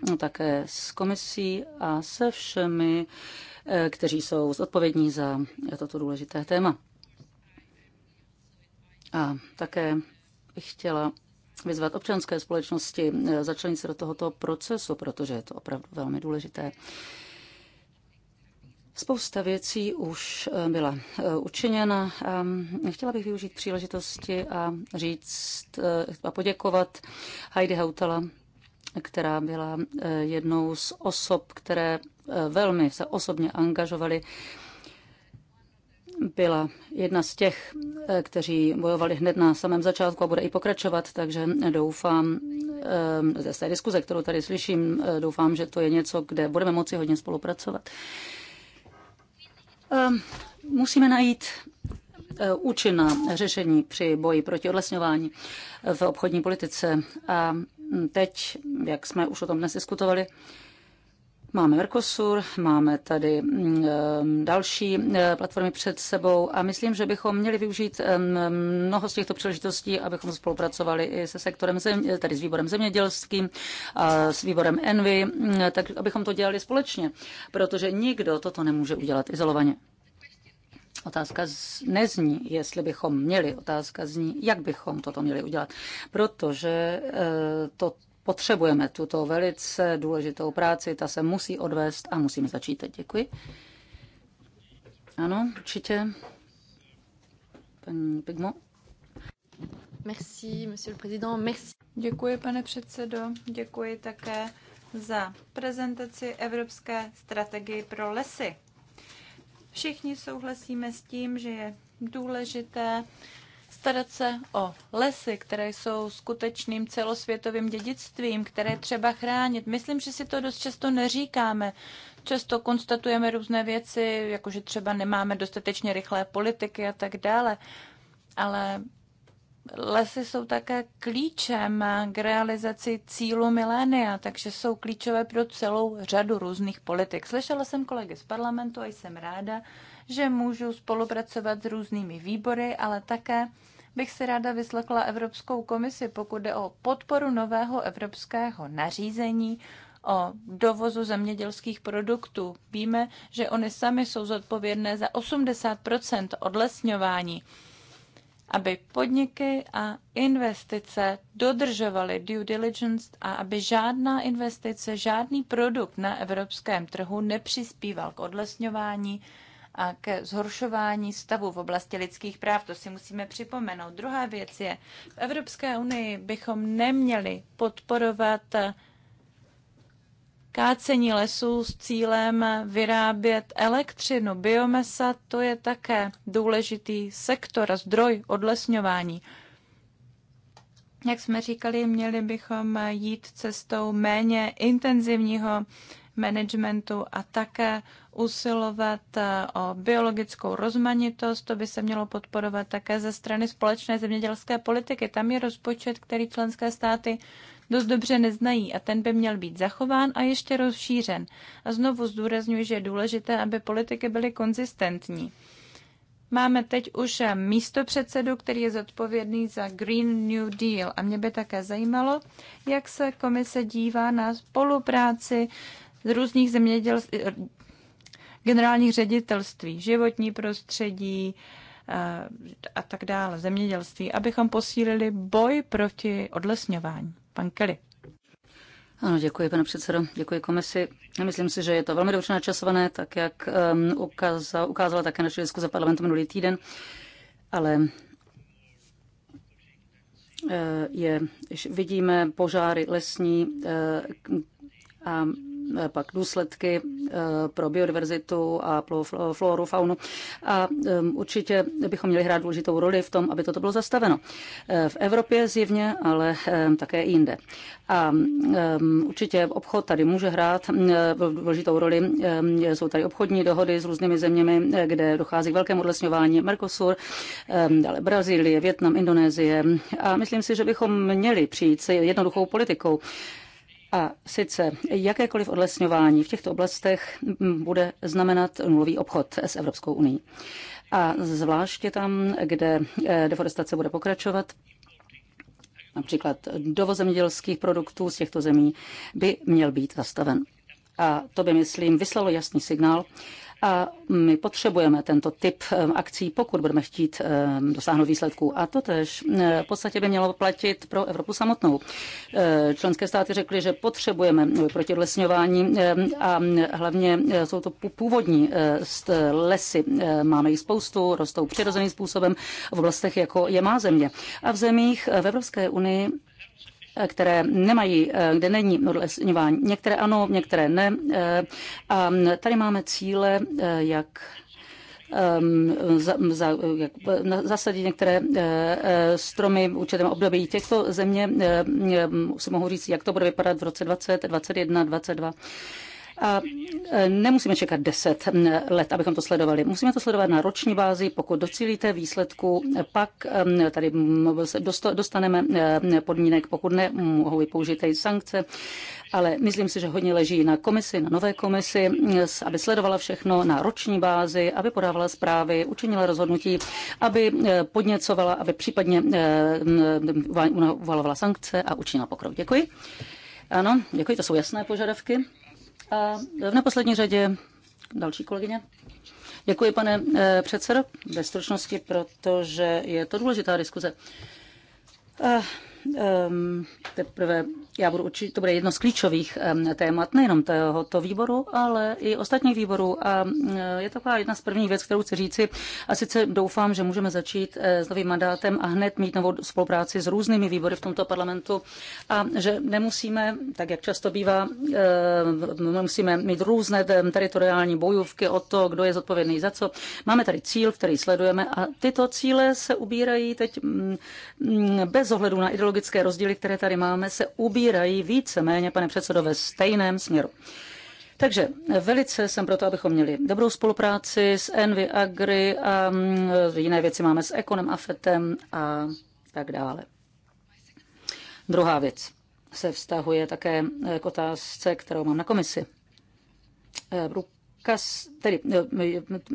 no, také s komisí a se všemi, eh, kteří jsou zodpovědní za toto důležité téma. A také bych chtěla vyzvat občanské společnosti, eh, začlenit se do tohoto procesu, protože je to opravdu velmi důležité. Spousta věcí už eh, byla eh, učiněna. Ehm, chtěla bych využít příležitosti a říct a poděkovat Heidi Hautala, která byla jednou z osob, které velmi se osobně angažovaly byla jedna z těch, eh, kteří bojovali hned na samém začátku a bude i pokračovat, takže doufám, eh, z té diskuze, kterou tady slyším, eh, doufám, že to je něco, kde budeme moci hodně spolupracovat. Musíme najít účinná řešení při boji proti odlesňování v obchodní politice. A hm, teď, jak jsme už o tom dnes diskutovali, Máme Mercosur, máme tady mm, další eh, platformy před sebou a myslím, že bychom měli využít mnoho z těchto příležitostí, abychom spolupracovali i se sektorem země, tady s výborem zemědělským, a s výborem Envy, mm, tak abychom to dělali společně, protože nikdo toto nemůže udělat izolovaně. Otázka z, nezní, jestli bychom měli, otázka zní, jak bychom toto měli udělat, protože e, to potřebujeme tuto velice důležitou práci, ta se musí odvést a musíme začít teď. Děkuji. Ano, určitě. Paní Pigmo. Merci, monsieur le président. Merci. Děkuji, pane předsedo. Děkuji také za prezentaci Evropské strategie pro lesy. Všichni souhlasíme s tím, že je důležité starat se o lesy, které jsou skutečným celosvětovým dědictvím, které třeba chránit. Myslím, že si to dost často neříkáme. Často konstatujeme různé věci, jako že třeba nemáme dostatečně rychlé politiky a tak dále. Ale lesy jsou také klíčem k realizaci cílu milénia, takže jsou klíčové pro celou řadu různých politik. Slyšela jsem kolegy z parlamentu a jsem ráda, že můžu spolupracovat s různými výbory, ale také bych si ráda vyslechla Evropskou komisi, pokud jde o podporu nového evropského nařízení o dovozu zemědělských produktů. Víme, že oni sami jsou zodpovědné za 80 odlesňování. Aby podniky a investice dodržovaly due diligence a aby žádná investice, žádný produkt na evropském trhu nepřispíval k odlesňování ke zhoršování stavu v oblasti lidských práv. To si musíme připomenout. Druhá věc je, v Evropské unii bychom neměli podporovat kácení lesů s cílem vyrábět elektřinu. Biomesa to je také důležitý sektor a zdroj odlesňování. Jak jsme říkali, měli bychom jít cestou méně intenzivního managementu a také usilovat eh, o biologickou rozmanitost. To by se mělo podporovat také ze strany společné zemědělské politiky. Tam je rozpočet, který členské státy dost dobře neznají a ten by měl být zachován a ještě rozšířen. A znovu zdůrazňuji, že je důležité, aby politiky byly konzistentní. Máme teď už místo předsedu, který je zodpovědný za Green New Deal. A mě by také zajímalo, jak se komise dívá na spolupráci z různých zemědělství, generálních ředitelství, životní prostředí eh, a tak dále, zemědělství, abychom posílili boj proti odlesňování. Pan Kelly. Ano, děkuji, pane předsedo, děkuji komisi. Myslím si, že je to velmi dobře načasované, tak jak um, ehm, ukázala, ukázala také naše diskuze parlamentu minulý týden, ale eh, je, vidíme požáry lesní eh, a Eh, pak důsledky eh, pro biodiverzitu a pro floru, faunu. A určitě bychom měli hrát důležitou roli v tom, aby toto bylo zastaveno. Eh, v Evropě zjevně, ale také i jinde. A určitě obchod tady může hrát důležitou roli. Jsou tady obchodní dohody s různými zeměmi, kde dochází k velkému odlesňování Mercosur, dále Brazílie, Větnam, Indonésie. A myslím si, že bychom měli přijít s jednoduchou politikou, a sice jakékoliv odlesňování v těchto oblastech bude znamenat nulový obchod s Evropskou unii. A zvláště tam, kde e, deforestace bude pokračovat, například dovoz zemědělských produktů z těchto zemí, by měl být zastaven. A to by, myslím, vyslalo jasný signál a my potřebujeme tento typ eh, akcí, pokud budeme chtít eh, dosáhnout výsledků. A to tež eh, v podstatě by mělo platit pro Evropu samotnou. Členské státy řekly, že potřebujeme proti lesňování a hlavně jsou to původní lesy. Máme jich spoustu, rostou přirozeným způsobem v oblastech, jako je má země. A v zemích v Evropské unii které nemají, eh, kde není odlesňování. Některé ano, některé ne. Eh, a tady máme cíle, eh, jak ehm, za, za, jak, zasadit některé stromy v určitém období. Těchto země si mohu říct, jak to bude vypadat v roce 2021, 2022. A e, nemusíme čekat 10 let, abychom to sledovali. Musíme to sledovat na roční bázi. Pokud docílíte výsledku, pak tady dostaneme e, podmínek, pokud ne, mohou použít i sankce. Ale myslím si, že hodně leží na komisi, na nové komisi, aby sledovala všechno na roční bázi, aby podávala zprávy, učinila rozhodnutí, aby e, podněcovala, aby případně uvalovala sankce a učinila pokrok. Děkuji. Ano, děkuji, to jsou jasné požadavky. A v neposlední řadě další kolegyně. Děkuji, pane eh, předsedo, ve stručnosti, protože je to důležitá diskuze. Eh, ehm, teprve, já budu učit to bude jedno z klíčových témat, nejenom tohoto výboru, ale i ostatních výborů. A je to taková jedna z prvních věcí, kterou chci říci. A sice doufám, že můžeme začít eh, s novým mandátem a hned mít novou spolupráci s různými výbory v tomto parlamentu. A že nemusíme, tak jak často bývá, musíme mít různé teritoriální bojůvky o to, kdo je zodpovědný za co. Máme tady cíl, který sledujeme a tyto cíle se ubírají teď bez ohledu na ideologické rozdíly, které tady máme, se ubírají víceméně, pane předsedo, ve stejném směru. Takže velice jsem proto, abychom měli dobrou spolupráci s Envy, Agri a mm, jiné věci máme s Ekonem, Afetem a tak dále. Druhá věc se vztahuje také k otázce, kterou mám na komisi. Eh, zákaz, tedy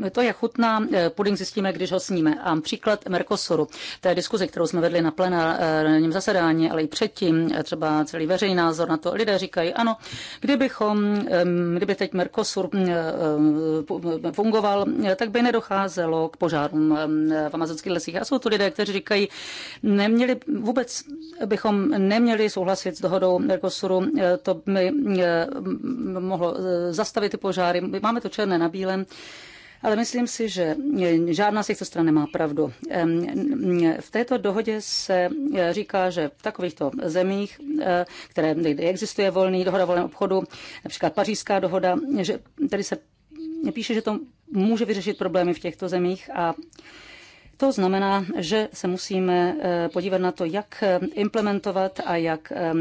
eh, to, je chutná eh, puding, zjistíme, když ho sníme. A příklad Mercosuru, té diskuze, kterou jsme vedli na plenárním eh, zasedání, ale i předtím, třeba celý veřejný názor na to, lidé říkají, ano, kdybychom, kdyby teď Mercosur fungoval, tak by nedocházelo k požárům v amazonských lesích. A jsou to lidé, kteří říkají, neměli, vůbec bychom neměli souhlasit s dohodou Mercosuru, to by mohlo zastavit ty požáry. Máme Máme to černé na bílém. Ale myslím si, že žádná z těchto stran nemá pravdu. V této dohodě se eh, říká, že v takovýchto zemích, eh, které existuje volný dohoda o obchodu, například pařížská dohoda, že tady se píše, že to může vyřešit problémy v těchto zemích a to znamená, že se musíme eh, podívat na to, jak eh, implementovat a jak eh,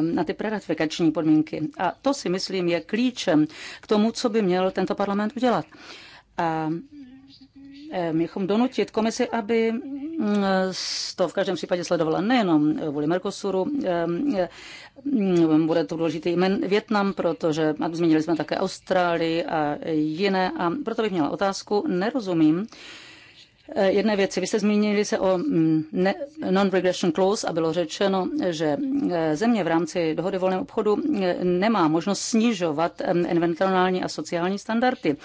na ty preratifikační podmínky. A to si myslím je klíčem k tomu, co by měl tento parlament udělat. A měchom donutit komisi, aby mm, to v každém případě sledovala nejenom vůli Mercosuru, bude to důležitý jmen Větnam, protože zmínili jsme také Austrálii a jiné. A proto bych měla otázku, nerozumím, Eh, jedné věci. Vy jste zmínili se o mm, non-regression clause a bylo řečeno, že eh, země v rámci dohody volného obchodu eh, nemá možnost snižovat environmentální a sociální standardy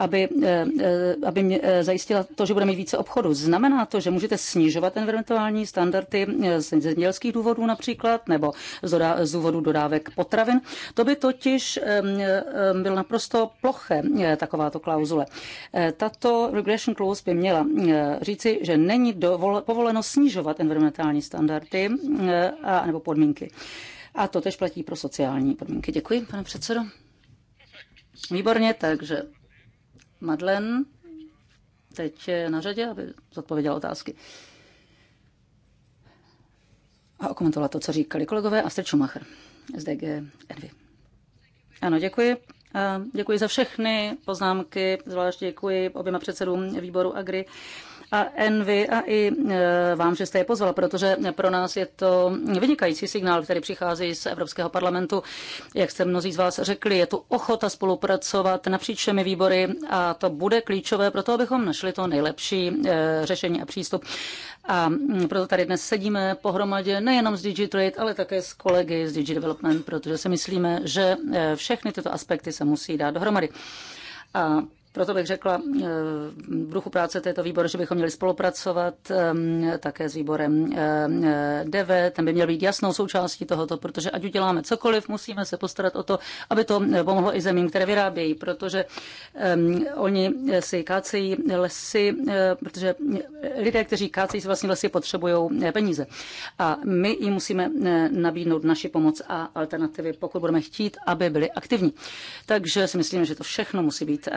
aby, eh, eh, aby eh, zajistila to, že bude mít více obchodu. Znamená to, že můžete snižovat environmentální standardy z zemědělských důvodů například, nebo z důvodu dodávek potravin. To by totiž bylo naprosto ploché, takováto klauzule. Tato regression clause by měla říci, že není dovol, povoleno snižovat environmentální standardy a, nebo podmínky. A to tež platí pro sociální podmínky. Děkuji, pane předsedo. Výborně, takže Madlen teď je na řadě, aby zodpověděla otázky. A okomentovala to, co říkali kolegové Astrid Schumacher z DG Envy. Ano, děkuji. děkuji za všechny poznámky, zvlášť děkuji oběma předsedům výboru Agri a Envy a i e, vám, že jste je pozvala, protože pro nás je to vynikající signál, který přichází z Evropského parlamentu. Jak jste mnozí z vás řekli, je tu ochota spolupracovat napříč všemi výbory a to bude klíčové pro to, abychom našli to nejlepší e, řešení a přístup. A proto tady dnes sedíme pohromadě nejenom z DigiTrade, ale také s kolegy z DigiDevelopment, protože si myslíme, že e, všechny tyto aspekty se musí dát dohromady. A proto bych řekla eh, v duchu práce této výboru, že bychom měli spolupracovat ehm, také s výborem ehm, eh, DV. Ten by měl být jasnou součástí tohoto, protože ať uděláme cokoliv, musíme se postarat o to, aby to eh, pomohlo i zemím, které vyrábějí, protože ehm, oni si kácejí lesy, protože lidé, kteří kácejí si lesy, potřebují peníze. A my jim musíme nabídnout naši pomoc a alternativy, pokud budeme chtít, aby byli aktivní. Takže si myslím, že to všechno musí být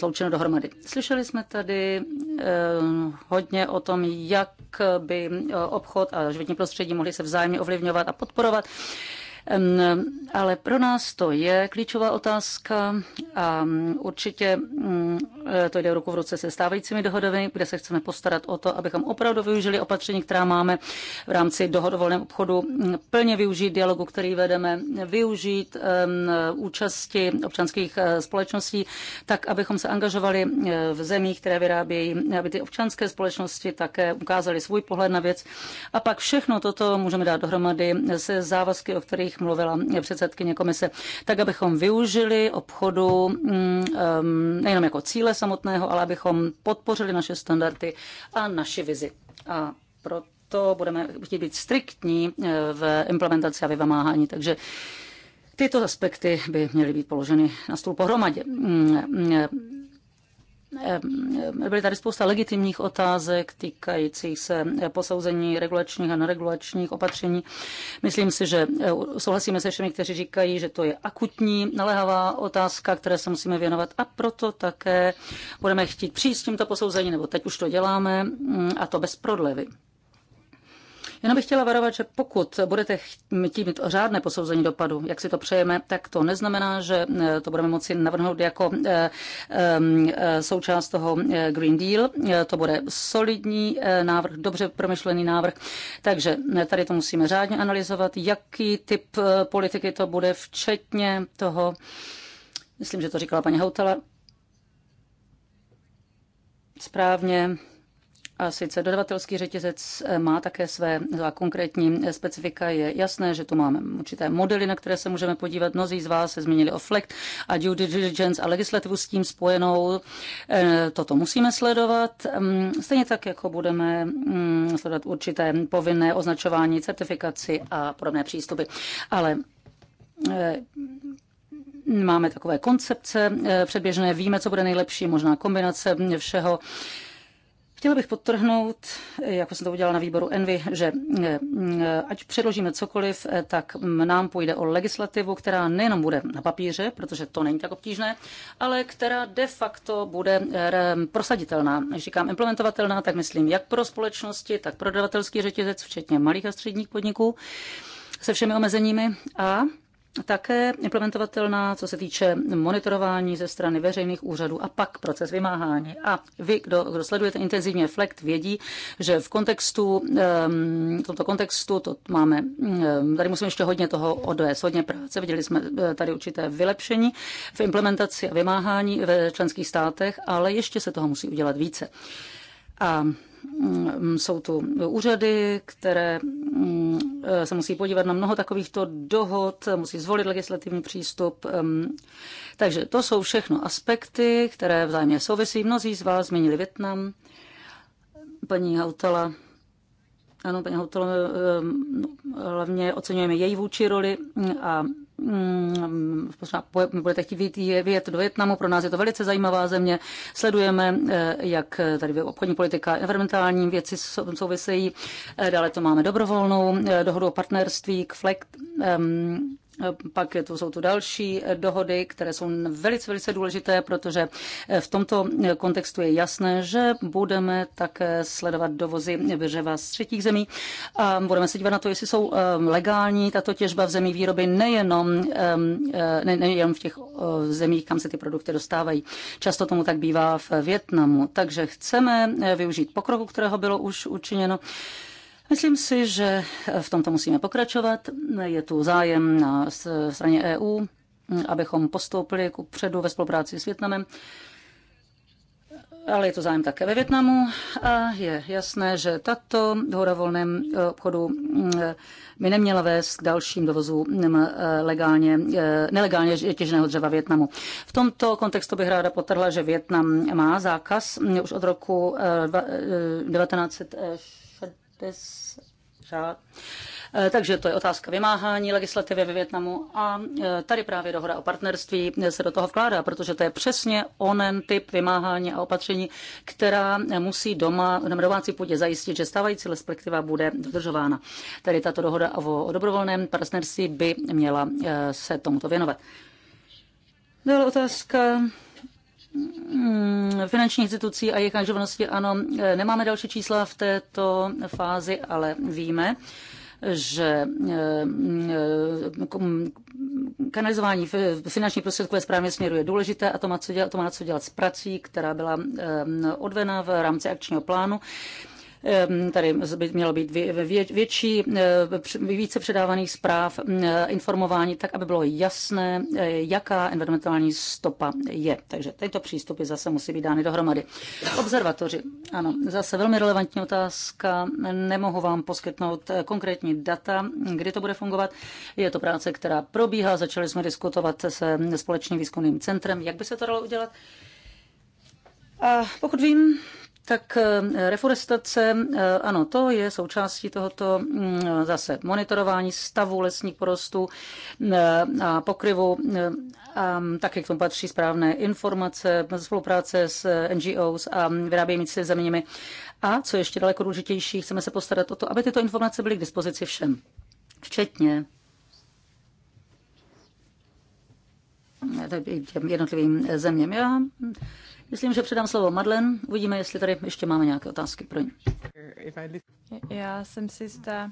sloučeno dohromady. Slyšeli jsme tady eh, hodně o tom, jak by eh, obchod a životní prostředí mohly se vzájemně ovlivňovat a podporovat. Ale pro nás to je klíčová otázka a určitě mm, e, to jde ruku v ruce se stávajícími dohodami, kde se chceme postarat o to, abychom opravdu využili opatření, která máme v rámci dohodovolného obchodu, mm, plně využít dialogu, který vedeme, využít účasti občanských e, společností, tak abychom se angažovali e, v zemích, které vyrábějí, aby ty občanské společnosti také ukázaly svůj pohled na věc. A pak všechno toto můžeme dát dohromady se závazky, o kterých mluvila předsedkyně komise, tak abychom využili obchodu mm, nejenom jako cíle samotného, ale abychom podpořili naše standardy a naši vizi. A proto budeme chtít být striktní eh, v implementaci a vymáhání. Takže tyto aspekty by měly být položeny na stůl pohromadě. Mm, mm, Byly tady spousta legitimních otázek týkajících se posouzení regulačních a neregulačních opatření. Myslím si, že e, souhlasíme se všemi, kteří říkají, že to je akutní, naléhavá otázka, které se musíme věnovat a proto také budeme chtít přijít s tímto posouzením, nebo teď už to děláme, mm, a to bez prodlevy. Jenom bych chtěla varovat, že pokud budete chtít mít řádné posouzení dopadu, jak si to přejeme, tak to neznamená, že eh, to budeme moci navrhnout jako eh, eh, součást toho Green Deal. To bude solidní návrh, dobře promyšlený návrh. Takže tady to musíme řádně analyzovat, jaký typ politiky to bude, včetně toho, myslím, že to říkala paní Hautala, správně a sice dodavatelský řetězec eh, má také své konkrétní eh, specifika. Je jasné, že tu máme určité modely, na které se můžeme podívat. Mnozí z vás se zmínili o FLECT a due diligence a legislativu s tím spojenou. Eh, toto musíme sledovat. Mm, stejně tak, jako budeme mm, sledovat určité povinné označování, certifikaci a podobné přístupy. Ale máme takové koncepce předběžné, víme, co bude nejlepší, možná kombinace všeho. Chtěla bych podtrhnout, jako jsem to udělala na výboru Envy, že eh, ať předložíme cokoliv, eh, tak nám půjde o legislativu, která nejenom bude na papíře, protože to není tak obtížné, ale která de facto bude eh, prosaditelná. Když říkám implementovatelná, tak myslím jak pro společnosti, tak pro dodavatelský řetězec, včetně malých a středních podniků se všemi omezeními a také implementovatelná, co se týče monitorování ze strany veřejných úřadů a pak proces vymáhání. A vy, kdo, kdo sledujete intenzivně FLECT, vědí, že v kontextu, v tomto kontextu to máme, tady musíme ještě hodně toho odvést, hodně práce. Viděli jsme e, tady určité vylepšení v implementaci a vymáhání ve členských státech, ale ještě se toho musí udělat více. A mm, jsou tu úřady, které mm, se musí podívat na mnoho takovýchto dohod, musí zvolit legislativní přístup. Mm. Takže to jsou všechno aspekty, které vzájemně souvisí. Mnozí z vás změnili Větnam. Paní Hautala, ano, paní Hautala, hlavně oceňujeme její vůči roli a Mm, budete chtít vyjet do Větnamu, pro nás je to velice zajímavá země. Sledujeme, eh, jak eh, tady obchodní politika, environmentální věci souvisejí. Eh, dále to máme dobrovolnou dohodu o partnerství k FLECT pak to jsou tu další dohody, které jsou velice, velice důležité, protože v tomto kontextu je jasné, že budeme také sledovat dovozy dřeva z třetích zemí a budeme se dívat na to, jestli jsou eh, legální tato těžba v zemí výroby nejenom, eh, ne, nejenom v těch eh, zemích, kam se ty produkty dostávají. Často tomu tak bývá v Větnamu. Takže chceme využít pokroku, kterého bylo už učiněno. Myslím si, že v tomto musíme pokračovat. Je tu zájem na straně EU, abychom postoupili ku předu ve spolupráci s Větnamem ale je to zájem také ve Větnamu a je jasné, že tato dohoda volném eh, obchodu mm, by neměla vést k dalším dovozům mm, eh, legálně, eh, nelegálně těženého dřeva Větnamu. V tomto kontextu bych ráda potrhla, že Větnam má zákaz mm, už od roku 1960 bez řád. Eh, takže to je otázka vymáhání legislativy ve Větnamu a eh, tady právě dohoda o partnerství eh, se do toho vkládá, protože to je přesně onen typ vymáhání a opatření, která musí doma na domácí půdě zajistit, že stávající perspektiva bude dodržována. Tady tato dohoda o dobrovolném partnerství by měla se tomuto věnovat. Dále otázka Mm, finanční institucí a jejich angažovanosti, ano, eh, nemáme další čísla v této fázi, ale víme, že eh, mm, eh, kanalizování finančních prostředků ve správném směru je důležité a to má, co dělat, to má co dělat s prací, která byla odvena v rámci akčního plánu. Ehm, tady by mělo být větší, eh, více předávaných zpráv, mm, eh, informování, tak, aby bylo jasné, eh, jaká environmentální stopa je. Takže tyto přístupy zase musí být dány dohromady. Observatoři. Ano, zase velmi relevantní otázka. Nemohu vám poskytnout konkrétní data, kdy to bude fungovat. Je to práce, která probíhá. Začali jsme diskutovat se společným výzkumným centrem, jak by se to dalo udělat. A pokud vím, tak eh, reforestace, eh, ano, to je součástí tohoto mm, zase monitorování stavu lesních porostů mm, eh, a pokryvu. Mm, a tak, jak tomu patří správné informace, spolupráce s NGOs a vyrábějící zeměmi. A co ještě daleko důležitější, chceme se postarat o to, aby tyto informace byly k dispozici všem, včetně jednotlivým zeměm. Já Myslím, že předám slovo Madlen. Uvidíme, jestli tady ještě máme nějaké otázky pro ní. Já jsem si jistá,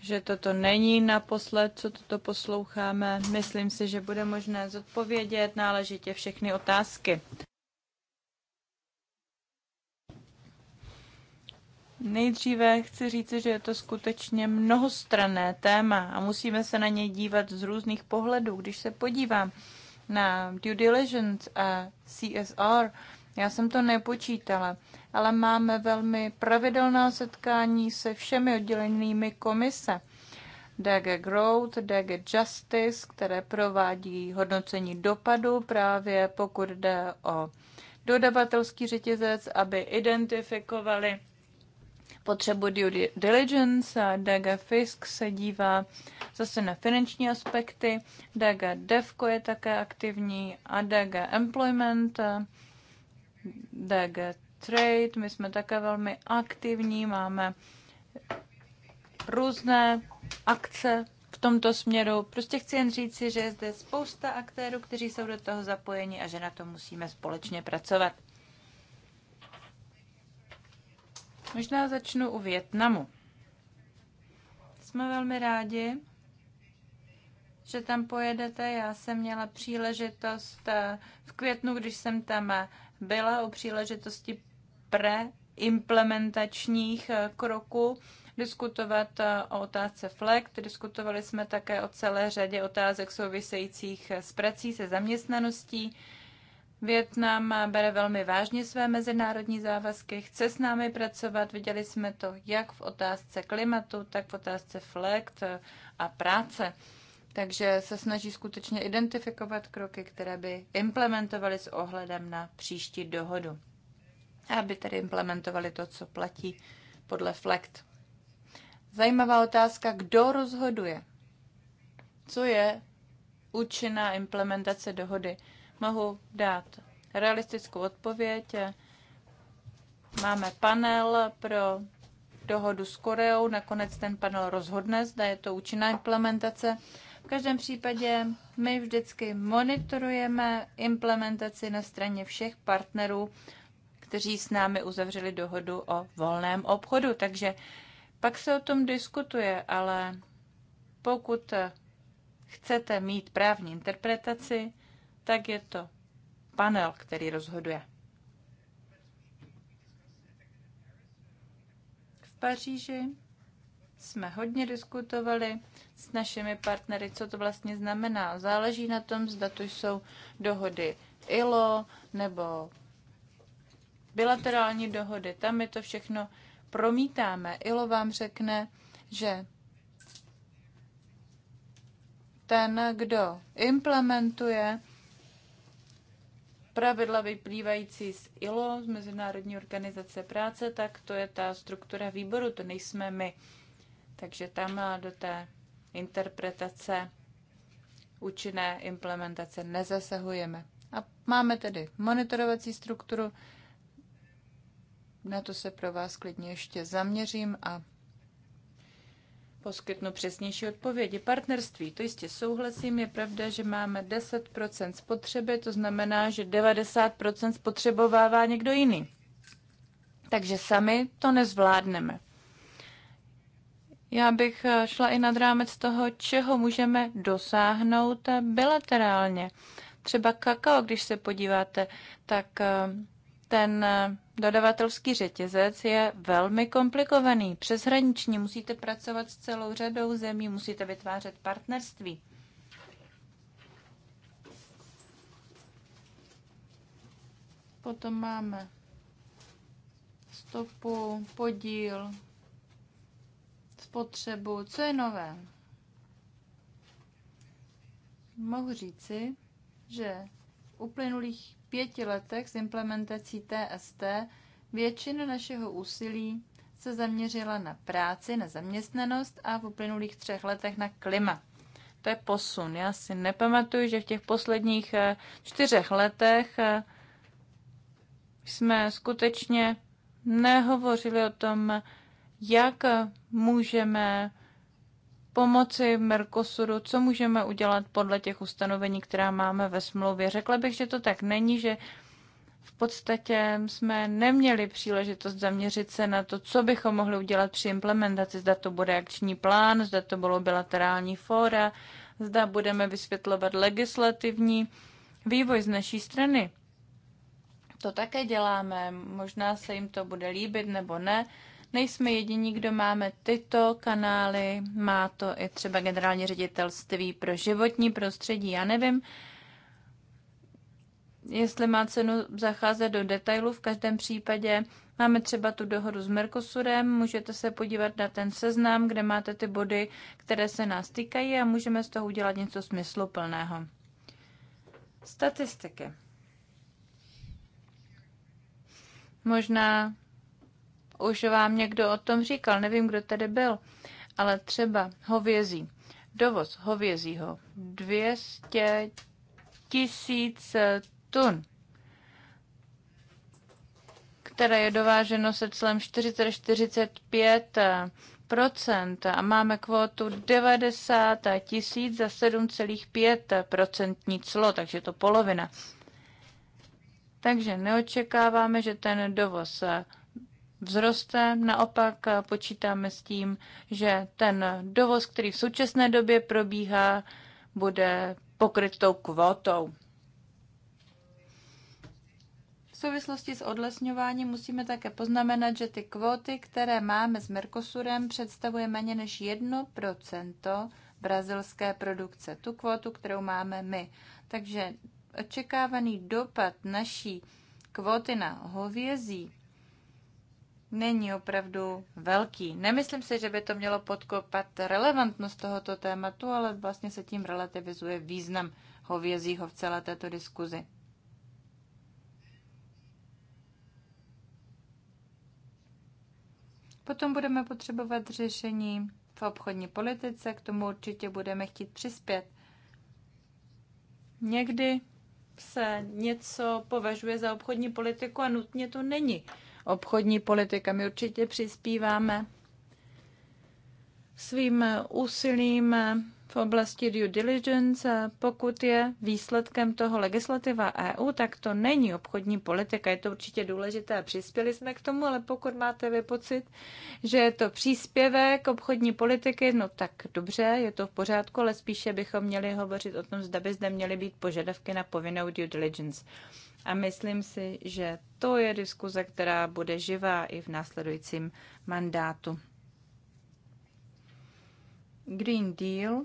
že toto není naposled, co toto posloucháme. Myslím si, že bude možné zodpovědět náležitě všechny otázky. Nejdříve chci říct, že je to skutečně mnohostranné téma a musíme se na něj dívat z různých pohledů. Když se podívám na due diligence a CSR. Já jsem to nepočítala, ale máme velmi pravidelná setkání se všemi oddělenými komise. DG Growth, DG Justice, které provádí hodnocení dopadu právě pokud jde o dodavatelský řetězec, aby identifikovali potřebuje due diligence a DG Fisk se dívá zase na finanční aspekty, DG Devco je také aktivní a DG Employment, DG Trade, my jsme také velmi aktivní, máme různé akce v tomto směru. Prostě chci jen říci, že je zde spousta aktérů, kteří jsou do toho zapojeni a že na to musíme společně pracovat. Možná začnu u Větnamu. Jsme velmi rádi, že tam pojedete. Já jsem měla příležitost eh, v květnu, když jsem tam eh, byla, u příležitosti preimplementačních eh, kroků diskutovat o otázce FLECT. Diskutovali jsme také o celé řadě otázek souvisejících s prací, se zaměstnaností. Větnam bere velmi vážně své mezinárodní závazky, chce s námi pracovat. Viděli jsme to jak v otázce klimatu, tak v otázce flekt a práce. Takže se snaží skutečně identifikovat kroky, které by implementovaly s ohledem na příští dohodu. Aby tedy implementovali to, co platí podle flekt. Zajímavá otázka, kdo rozhoduje? Co je účinná implementace dohody? mohu dát realistickou odpověď. Máme panel pro dohodu s Koreou, nakonec ten panel rozhodne, zda je to účinná implementace. V každém případě my vždycky monitorujeme implementaci na straně všech partnerů, kteří s námi uzavřeli dohodu o volném obchodu. Takže pak se o tom diskutuje, ale pokud chcete mít právní interpretaci, tak je to panel, který rozhoduje. V Paříži jsme hodně diskutovali s našimi partnery, co to vlastně znamená. Záleží na tom, zda to jsou dohody ILO nebo bilaterální dohody. Tam my to všechno promítáme. ILO vám řekne, že ten, kdo implementuje pravidla vyplývající z ILO, z Mezinárodní organizace práce, tak to je ta struktura výboru, to nejsme my. Takže tam do té interpretace účinné implementace nezasahujeme. A máme tedy monitorovací strukturu, na to se pro vás klidně ještě zaměřím a poskytnu přesnější odpovědi. Partnerství, to jistě souhlasím, je pravda, že máme 10% spotřeby, to znamená, že 90% spotřebovává někdo jiný. Takže sami to nezvládneme. Já bych eh, šla i nad rámec toho, čeho můžeme dosáhnout eh, bilaterálně. Třeba kakao, když se podíváte, tak eh, ten dodavatelský řetězec je velmi komplikovaný, přeshraniční, musíte pracovat s celou řadou zemí, musíte vytvářet partnerství. Potom máme stopu, podíl, spotřebu, co je nové. Mohu říci, že uplynulých pěti letech s implementací TST většina našeho úsilí se zaměřila na práci, na zaměstnanost a v uplynulých třech letech na klima. To je posun. Já si nepamatuju, že v těch posledních eh, čtyřech letech eh, jsme skutečně nehovořili o tom, jak můžeme pomoci Mercosuru, co můžeme udělat podle těch ustanovení, která máme ve smlouvě. Řekla bych, že to tak není, že v podstatě jsme neměli příležitost zaměřit se na to, co bychom mohli udělat při implementaci. Zda to bude akční plán, zda to bylo bilaterální fóra, zda budeme vysvětlovat legislativní vývoj z naší strany. To také děláme, možná se jim to bude líbit nebo ne, Nejsme jediní, kdo máme tyto kanály, má to i třeba generální ředitelství pro životní prostředí. Já nevím, jestli má cenu zacházet do detailu, v každém případě máme třeba tu dohodu s Mercosurem, můžete se podívat na ten seznam, kde máte ty body, které se nás týkají a můžeme z toho udělat něco smysluplného. Statistiky. Možná už vám někdo o tom říkal, nevím, kdo tady byl, ale třeba hovězí. Dovoz hovězího 200 tisíc tun, které je dováženo se celém 40-45 a máme kvotu 90 tisíc za 7,5 clo, takže to polovina. Takže neočekáváme, že ten dovoz vzroste. Naopak eh, počítáme s tím, že ten dovoz, který v současné době probíhá, bude pokryt tou kvótou. V souvislosti s odlesňováním musíme také poznamenat, že ty kvóty, které máme s Mercosurem, představuje méně než 1% brazilské produkce. Tu kvótu, kterou máme my. Takže očekávaný dopad naší kvóty na hovězí není opravdu velký. Nemyslím si, že by to mělo podkopat relevantnost tohoto tématu, ale vlastně se tím relativizuje význam hovězího v celé této diskuzi. Potom budeme potřebovat řešení v obchodní politice, k tomu určitě budeme chtít přispět. Někdy se něco považuje za obchodní politiku a nutně to není obchodní politika. My určitě přispíváme svým úsilím v oblasti due diligence, pokud je výsledkem toho legislativa EU, tak to není obchodní politika. Je to určitě důležité a přispěli jsme k tomu, ale pokud máte vy pocit, že je to příspěvek obchodní politiky, no tak dobře, je to v pořádku, ale spíše bychom měli hovořit o tom, zda by zde měly být požadavky na povinnou due diligence. A myslím si, že to je diskuze, která bude živá i v následujícím mandátu. Green Deal.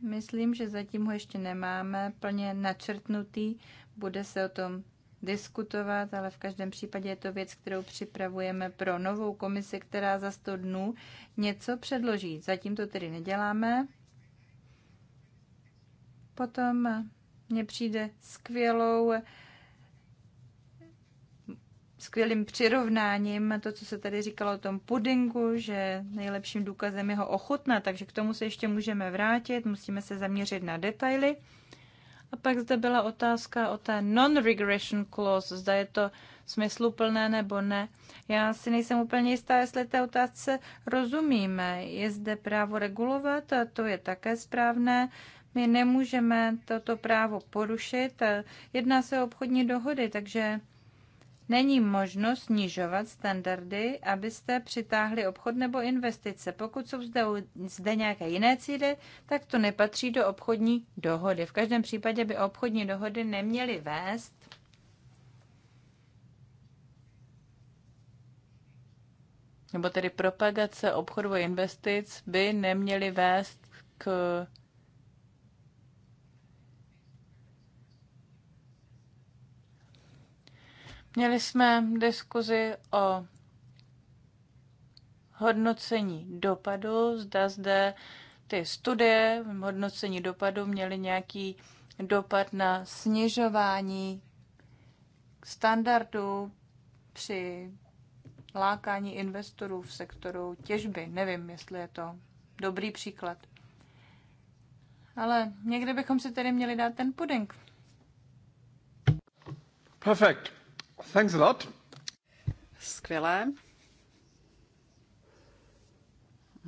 Myslím, že zatím ho ještě nemáme plně načrtnutý. Bude se o tom diskutovat, ale v každém případě je to věc, kterou připravujeme pro novou komisi, která za 100 dnů něco předloží. Zatím to tedy neděláme. Potom mně přijde skvělou skvělým přirovnáním to, co se tady říkalo o tom pudingu, že nejlepším důkazem je ho ochutna, takže k tomu se ještě můžeme vrátit, musíme se zaměřit na detaily. A pak zde byla otázka o té non-regression clause, zda je to smysluplné nebo ne. Já si nejsem úplně jistá, jestli té otázce rozumíme. Je zde právo regulovat, a to je také správné. My nemůžeme toto právo porušit. Jedná se o obchodní dohody, takže není možno snižovat standardy, abyste přitáhli obchod nebo investice. Pokud jsou zde, zde nějaké jiné cíle, tak to nepatří do obchodní dohody. V každém případě by obchodní dohody neměly vést nebo tedy propagace obchodu a investic by neměly vést k Měli jsme diskuzi o hodnocení dopadu, zda zde ty studie hodnocení dopadu měly nějaký dopad na snižování standardů při lákání investorů v sektoru těžby. Nevím, jestli je to dobrý příklad. Ale někde bychom si tedy měli dát ten puding. Perfekt. Thanks a lot. Skvělé.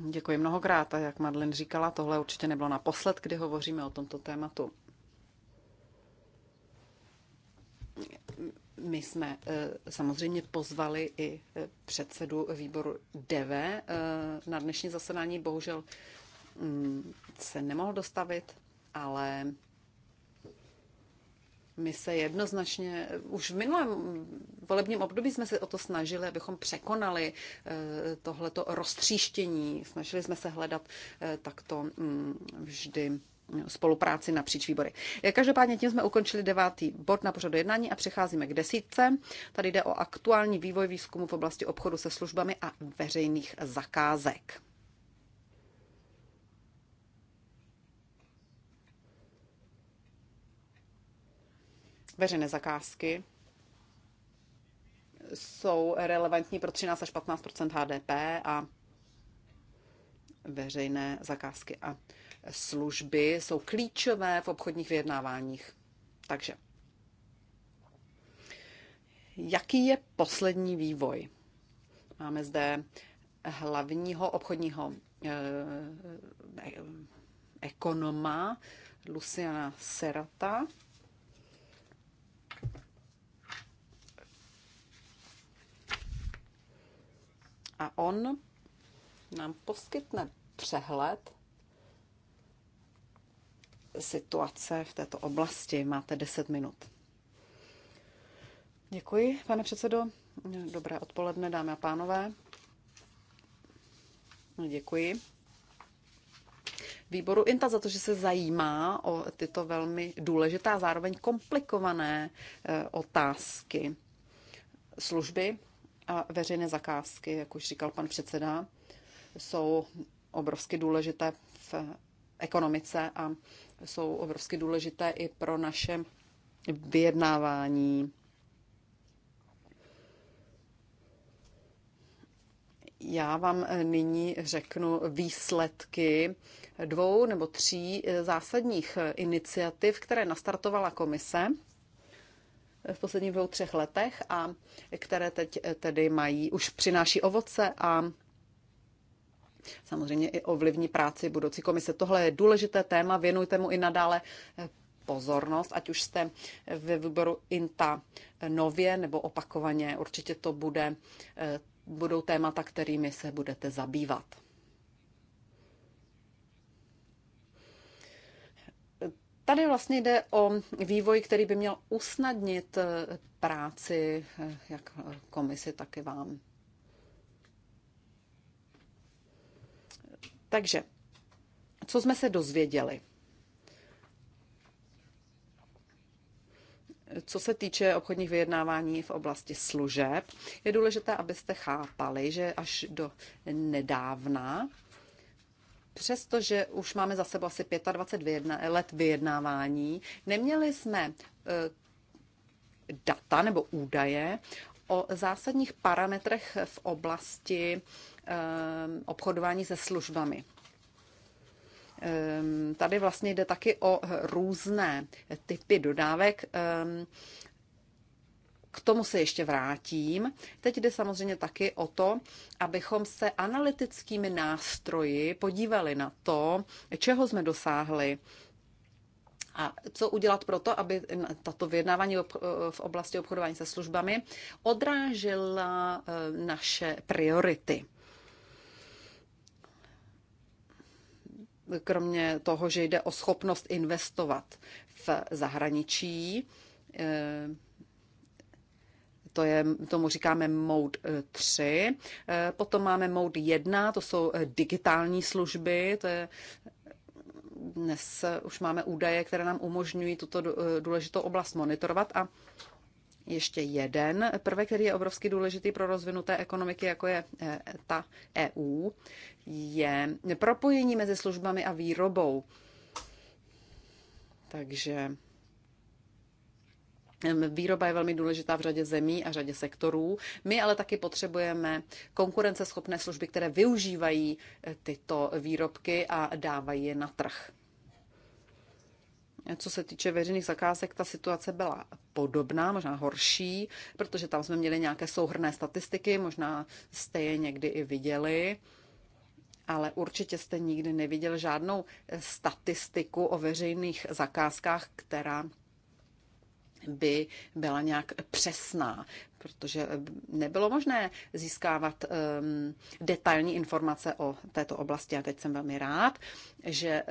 Děkuji mnohokrát a jak Madlen říkala, tohle určitě nebylo naposled, kdy hovoříme o tomto tématu. My jsme eh, samozřejmě pozvali i eh, předsedu výboru DV eh, na dnešní zasedání. Bohužel mm, se nemohl dostavit, ale my se jednoznačně, už v minulém volebním období jsme se o to snažili, abychom překonali eh, tohleto roztříštění. Snažili jsme se hledat eh, takto mm, vždy spolupráci napříč výbory. Každopádně tím jsme ukončili devátý bod na pořadu jednání a přecházíme k desítce. Tady jde o aktuální vývoj výzkumu v oblasti obchodu se službami a veřejných zakázek. veřejné zakázky jsou relevantní pro 13 až 15 HDP a veřejné zakázky a služby jsou klíčové v obchodních vyjednáváních. Takže, jaký je poslední vývoj? Máme zde hlavního obchodního eh, eh ekonoma Luciana Serata, a on nám poskytne přehled situace v této oblasti. Máte 10 minut. Děkuji, pane předsedo. Dobré odpoledne, dámy a pánové. No, děkuji výboru INTA za to, že se zajímá o tyto velmi důležité a zároveň komplikované eh, otázky služby a veřejné zakázky, jak už říkal pan předseda, jsou obrovsky důležité v ekonomice a jsou obrovsky důležité i pro naše vyjednávání. Já vám nyní řeknu výsledky dvou nebo tří zásadních iniciativ, které nastartovala komise v posledních dvou, třech letech a které teď eh, tedy mají, už přináší ovoce a samozřejmě i ovlivní práci budoucí komise. Tohle je důležité téma, věnujte mu i nadále eh, pozornost, ať už jste ve výboru INTA eh, nově nebo opakovaně. Určitě to bude, budou témata, kterými se budete zabývat. Tady vlastně jde o vývoj, který by měl usnadnit eh, práci eh, jak eh, komisi, tak i vám. Takže, co jsme se dozvěděli? Co se týče obchodních vyjednávání v oblasti služeb, je důležité, abyste chápali, že až do nedávna přestože už máme za sebou asi 25 let vyjednávání, neměli jsme e, data nebo údaje o zásadních parametrech v oblasti e, obchodování se službami. Ehm, tady vlastně jde taky o různé typy dodávek ehm, k tomu se ještě vrátím. Teď jde samozřejmě taky o to, abychom se analytickými nástroji podívali na to, čeho jsme dosáhli, a co udělat pro to, aby tato vyjednávání v oblasti obchodování se službami odrážela eh, naše priority? Kromě toho, že jde o schopnost investovat v zahraničí, eh, to je, tomu říkáme Mode 3. Eh, eh, potom máme Mode 1, to jsou eh, digitální služby, to je dnes už máme údaje, které nám umožňují tuto důležitou oblast monitorovat a ještě jeden prvek, který je obrovsky důležitý pro rozvinuté ekonomiky, jako je ta EU, je propojení mezi službami a výrobou. Takže Výroba je velmi důležitá v řadě zemí a řadě sektorů. My ale taky potřebujeme konkurenceschopné služby, které využívají eh, tyto výrobky a dávají je na trh. Co se týče veřejných zakázek, ta situace byla podobná, možná horší, protože tam jsme měli nějaké souhrné statistiky, možná jste je někdy i viděli, ale určitě jste nikdy neviděl žádnou statistiku o veřejných zakázkách, která by byla nějak přesná protože eh, nebylo možné získávat um, detailní informace o této oblasti. A teď jsem velmi rád, že eh,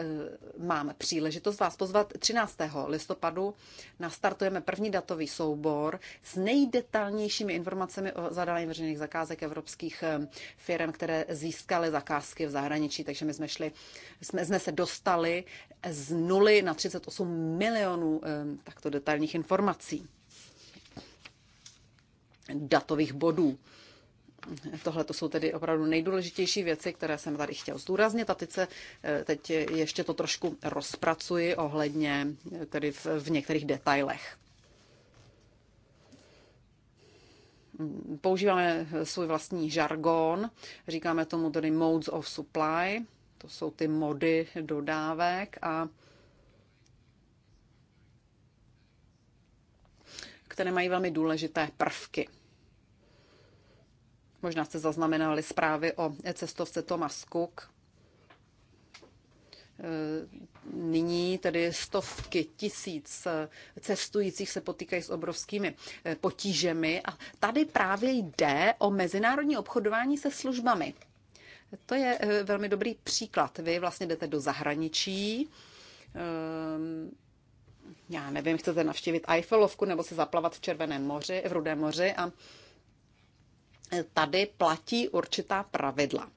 mám příležitost vás pozvat 13. listopadu. Nastartujeme první datový soubor s nejdetailnějšími informacemi o zadání veřejných zakázek evropských ehm, firm, které získaly zakázky v zahraničí. Takže my jsme, šli, jsme, jsme se dostali z nuly na 38 milionů um, takto detailních informací datových bodů. Tohle to jsou tedy opravdu nejdůležitější věci, které jsem tady chtěl zdůraznit a teď, se, eh, teď ještě to trošku rozpracuji ohledně eh, tedy v, v některých detailech. Používáme eh, svůj vlastní žargon, říkáme tomu tedy modes of supply, to jsou ty mody dodávek a které mají velmi důležité prvky. Možná jste zaznamenali zprávy o cestovce Thomas Cook. E, nyní tedy stovky tisíc e, cestujících se potýkají s obrovskými e, potížemi a tady právě jde o mezinárodní obchodování se službami. To je velmi dobrý příklad. Vy vlastně jdete do zahraničí, ehm, já nevím, chcete navštívit Eiffelovku nebo se zaplavat v Červeném moři, v Rudém moři a tady platí určitá pravidla.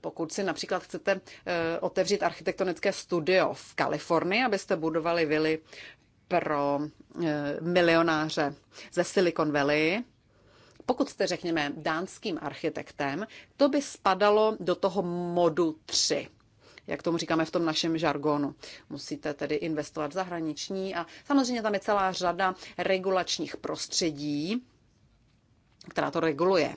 Pokud si například chcete eh, otevřít architektonické studio v Kalifornii, abyste budovali vily pro eh, milionáře ze Silicon Valley, pokud jste, řekněme, dánským architektem, to by spadalo do toho modu 3 jak tomu říkáme v tom našem žargonu. Musíte tedy investovat v zahraniční a samozřejmě tam je celá řada regulačních prostředí, která to reguluje.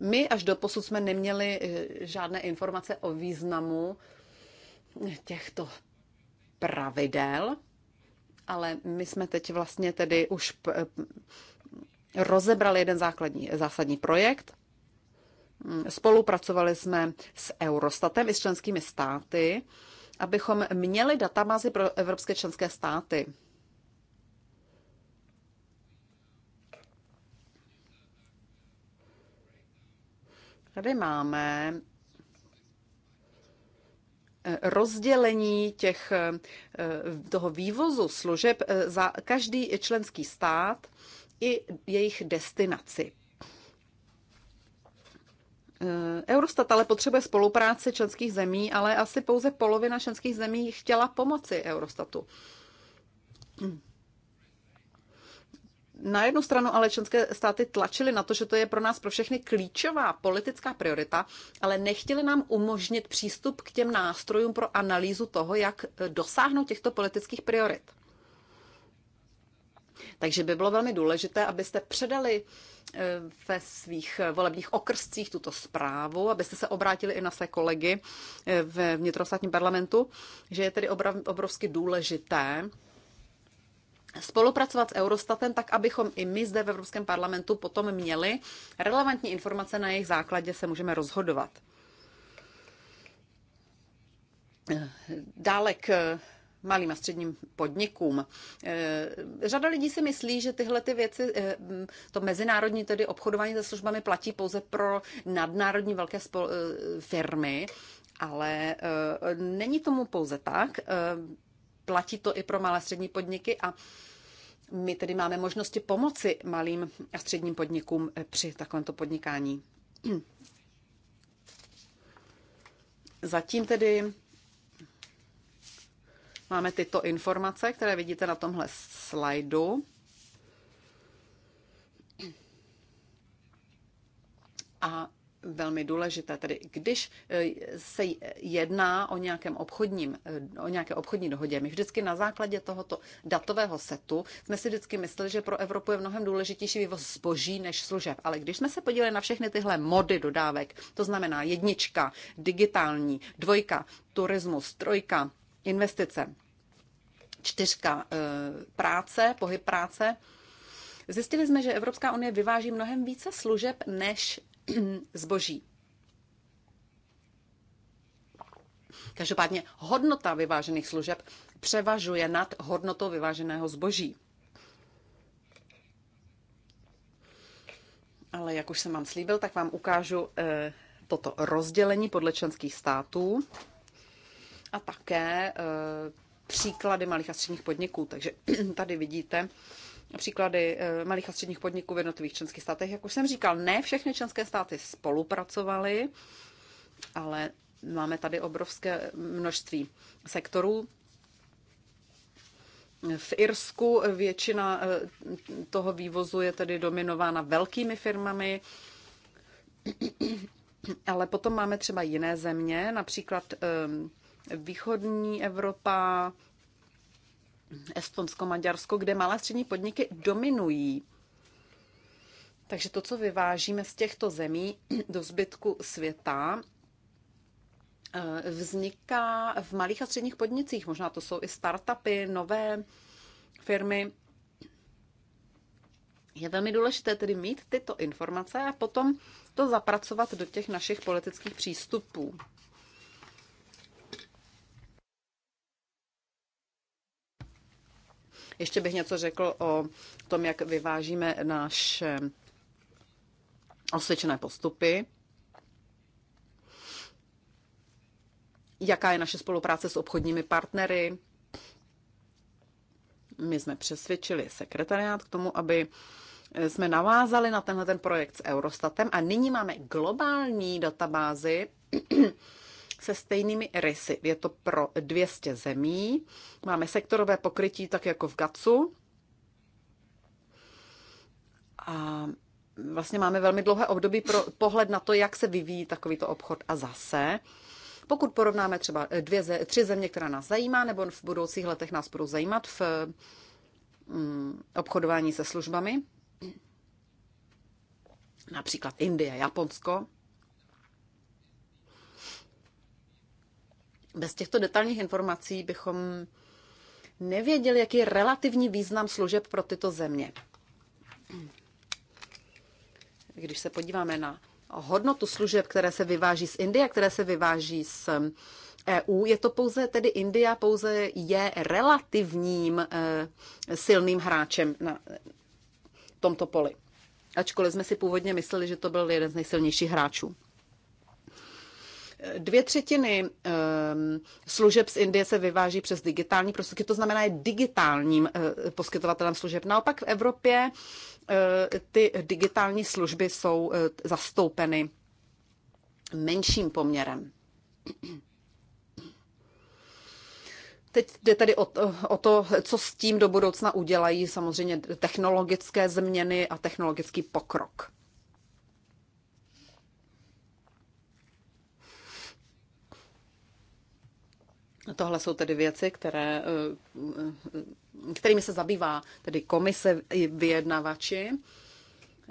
My až do posud jsme neměli eh, žádné informace o významu těchto pravidel, ale my jsme teď vlastně tedy už eh, rozebrali jeden základní, zásadní projekt. Spolupracovali jsme s Eurostatem i s členskými státy, abychom měli databázy pro evropské členské státy. Tady máme eh, rozdělení těch, eh, toho vývozu služeb eh, za každý členský stát i jejich destinaci. Eurostat ale potřebuje spolupráci členských zemí, ale asi pouze polovina členských zemí chtěla pomoci Eurostatu. Na jednu stranu ale členské státy tlačily na to, že to je pro nás pro všechny klíčová politická priorita, ale nechtěli nám umožnit přístup k těm nástrojům pro analýzu toho, jak eh, dosáhnout těchto politických priorit. Takže by bylo velmi důležité, abyste předali eh, ve svých eh, volebních okrscích tuto zprávu, abyste se obrátili i na své kolegy ve vnitrostátním parlamentu, že je tedy obrovsky důležité, spolupracovat s Eurostatem, tak abychom i my zde v Evropském parlamentu potom měli relevantní informace, na jejich základě se můžeme rozhodovat. Dále k malým a středním podnikům. Eh, řada lidí si myslí, že tyhle ty věci, eh, to mezinárodní tedy obchodování se službami platí pouze pro nadnárodní velké eh, firmy, ale není tomu pouze tak platí to i pro malé střední podniky a my tedy máme možnosti pomoci malým a středním podnikům při takovémto podnikání. Zatím tedy máme tyto informace, které vidíte na tomhle slajdu. A velmi důležité. Tedy když e, se jedná o, nějakém obchodním, e, o nějaké obchodní dohodě, my vždycky na základě tohoto datového setu jsme si vždycky mysleli, že pro Evropu je mnohem důležitější vývoz zboží než služeb. Ale když jsme se podívali na všechny tyhle mody dodávek, to znamená jednička, digitální, dvojka, turismus, trojka, investice, čtyřka, e, práce, pohyb práce, Zjistili jsme, že Evropská unie vyváží mnohem více služeb než zboží. Každopádně hodnota vyvážených služeb převažuje nad hodnotou vyváženého zboží. Ale jak už jsem vám slíbil, tak vám ukážu eh, toto rozdělení podle členských států a také eh, příklady malých a středních podniků. Takže tady vidíte, příklady eh, malých a středních podniků v jednotlivých členských státech. Jak už jsem říkal, ne všechny členské státy spolupracovaly, ale máme tady obrovské množství sektorů. V Irsku většina eh, toho vývozu je tedy dominována velkými firmami, ale potom máme třeba jiné země, například eh, východní Evropa, Estonsko, Maďarsko, kde malé střední podniky dominují. Takže to, co vyvážíme z těchto zemí do zbytku světa, eh, vzniká v malých a středních podnicích. Možná to jsou i startupy, nové firmy. Je velmi důležité tedy mít tyto informace a potom to zapracovat do těch našich politických přístupů. Ještě bych něco řekl o tom, jak vyvážíme naše osvědčené postupy. Jaká je naše spolupráce s obchodními partnery? My jsme přesvědčili sekretariát k tomu, aby jsme navázali na tenhle ten projekt s Eurostatem a nyní máme globální databázy se stejnými rysy. Je to pro 200 zemí. Máme sektorové pokrytí tak jako v GACU, A vlastně máme velmi dlouhé období pro pohled na to, jak se vyvíjí takovýto obchod a zase. Pokud porovnáme třeba dvě, tři země, která nás zajímá, nebo v budoucích letech nás budou zajímat v mm, obchodování se službami, například Indie, Japonsko, Bez těchto detailních informací bychom nevěděli, jaký je relativní význam služeb pro tyto země. Když se podíváme na hodnotu služeb, které se vyváží z Indie, které se vyváží z EU, je to pouze, tedy India pouze je relativním eh, silným hráčem na tomto poli. Ačkoliv jsme si původně mysleli, že to byl jeden z nejsilnějších hráčů. Dvě třetiny ehm, služeb z Indie se vyváží přes digitální prostředky, to znamená je digitálním eh, poskytovatelem služeb. Naopak v Evropě eh, ty digitální služby jsou eh, zastoupeny menším poměrem. Teď jde tedy o, o to, co s tím do budoucna udělají samozřejmě technologické změny a technologický pokrok. Tohle jsou tedy věci, které, eh, eh, kterými se zabývá tedy komise i vyjednavači.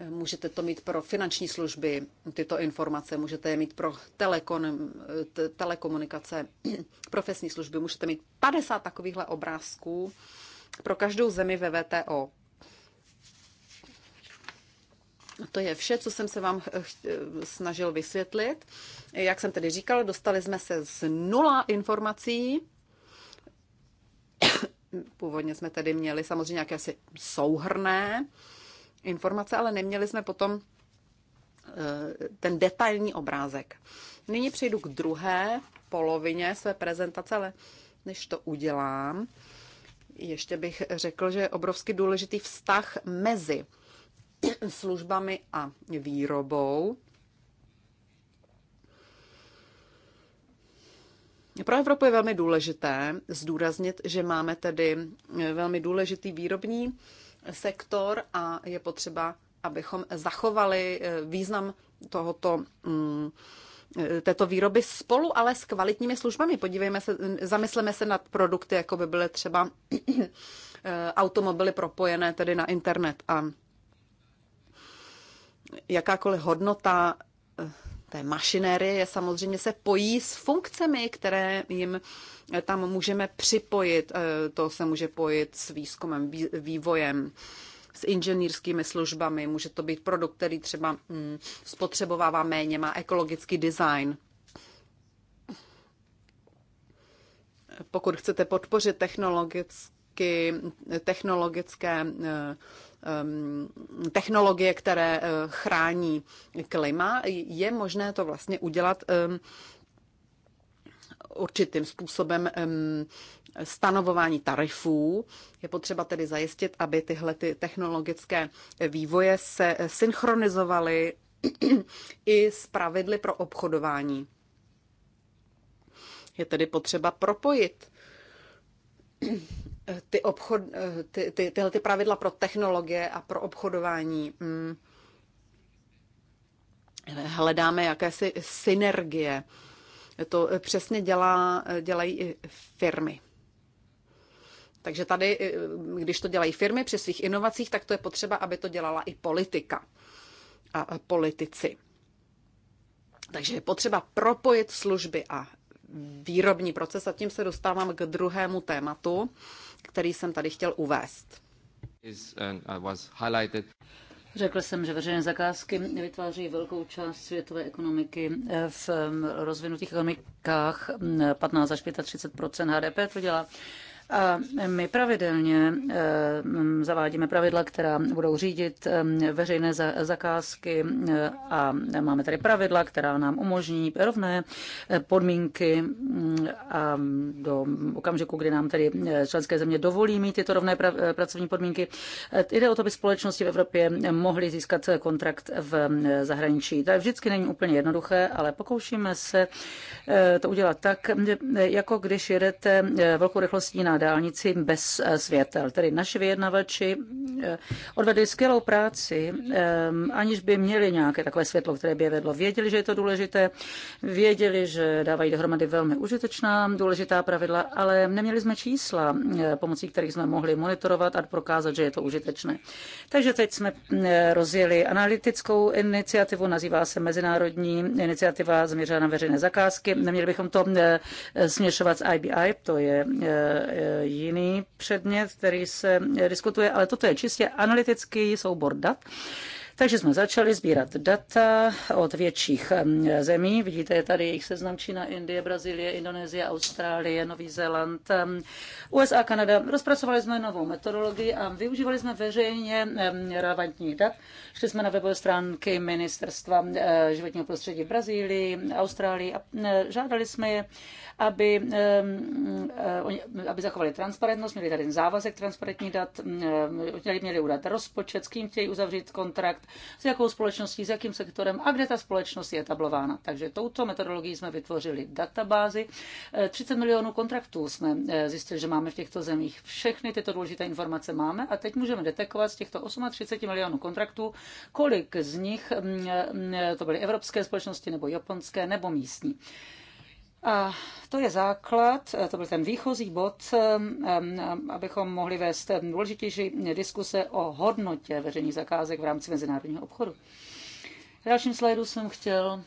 Můžete to mít pro finanční služby, tyto informace, můžete je mít pro telekon, eh, telekomunikace, profesní služby, můžete mít 50 takovýchhle obrázků pro každou zemi ve VTO. No to je vše, co jsem se vám snažil vysvětlit. Jak jsem tedy říkal, dostali jsme se z nula informací. Původně jsme tedy měli samozřejmě nějaké asi souhrné informace, ale neměli jsme potom eh, ten detailní obrázek. Nyní přejdu k druhé polovině své prezentace, ale než to udělám, ještě bych řekl, že je obrovsky důležitý vztah mezi službami a výrobou. Pro Evropu je velmi důležité zdůraznit, že máme tedy velmi důležitý výrobní sektor a je potřeba, abychom zachovali význam tohoto mm, této výroby spolu, ale s kvalitními službami. Podívejme se, zamysleme se nad produkty, jako by byly třeba automobily propojené tedy na internet a jakákoliv hodnota eh, té mašinérie samozřejmě se pojí s funkcemi, které jim eh, tam můžeme připojit. Eh, to se může pojit s výzkumem, vývojem, s inženýrskými službami. Může to být produkt, který třeba mm, spotřebovává méně, má ekologický design. Pokud chcete podpořit technologické technologické Ehm, technologie, které eh, chrání klima, je možné to vlastně udělat ehm, určitým způsobem ehm, stanovování tarifů. Je potřeba tedy zajistit, aby tyhle ty technologické vývoje se eh, synchronizovaly i s pravidly pro obchodování. Je tedy potřeba propojit ty, obchod, eh, ty, ty, tyhle ty pravidla pro technologie a pro obchodování. Mm, hledáme jakési synergie. To přesně dělá, dělají i firmy. Takže tady, eh, když to dělají firmy při svých inovacích, tak to je potřeba, aby to dělala i politika a politici. Takže je potřeba propojit služby a výrobní proces. A tím se dostávám k druhému tématu který jsem tady chtěl uvést. Řekl jsem, že veřejné zakázky vytváří velkou část světové ekonomiky. Eh, v eh, rozvinutých ekonomikách 15 mm, eh, až 35 HDP to dělá. A my pravidelně eh, zavádíme pravidla, která budou řídit eh, veřejné zakázky eh, a máme tady pravidla, která nám umožní rovné podmínky mm, a do okamžiku, kdy nám tedy členské země dovolí mít tyto rovné pracovní podmínky. Jde o to, aby společnosti v Evropě mohly získat kontrakt v zahraničí. To vždycky není úplně jednoduché, ale pokoušíme se to udělat tak, jako když jedete velkou rychlostí na dálnici bez eh, světel. Tedy naši vyjednavači eh, odvedli skvělou práci, eh, aniž by měli nějaké takové světlo, které by je vedlo. Věděli, že je to důležité, věděli, že dávají dohromady velmi užitečná, důležitá pravidla, ale neměli jsme čísla, pomocí kterých jsme mohli monitorovat a prokázat, že je to užitečné. Takže teď jsme rozjeli analytickou iniciativu, nazývá se Mezinárodní iniciativa zaměřená na veřejné zakázky. Neměli bychom to směšovat s IBI, to je jiný předmět, který se eh, diskutuje, ale toto je čistě analytický soubor dat takže jsme začali sbírat data od větších zemí. Vidíte je tady jejich seznam Čína, Indie, Brazílie, Indonésie, Austrálie, Nový Zéland, USA, Kanada. Rozpracovali jsme novou metodologii a využívali jsme veřejně relevantních dat. Šli jsme na webové stránky Ministerstva životního prostředí v Brazílii, Austrálii a žádali jsme je, aby, eh, aby zachovali transparentnost, měli tady závazek transparentních dat, měli udat rozpočet, s kým chtějí uzavřít kontrakt, kontakt s jakou společností, s jakým sektorem a kde ta společnost je etablována. Takže touto metodologií jsme vytvořili databázy. 30 eh, milionů kontraktů jsme eh, zjistili, že máme v těchto zemích. Všechny tyto důležité informace máme a teď můžeme detekovat z těchto 38 milionů kontraktů, kolik z nich mm, eh, to byly evropské společnosti nebo japonské nebo místní. A to je základ, eh, to byl ten výchozí bod, eh, eh, abychom mohli vést důležitější diskuse o hodnotě veřejných zakázek v rámci mezinárodního obchodu. V dalším slajdu jsem chtěl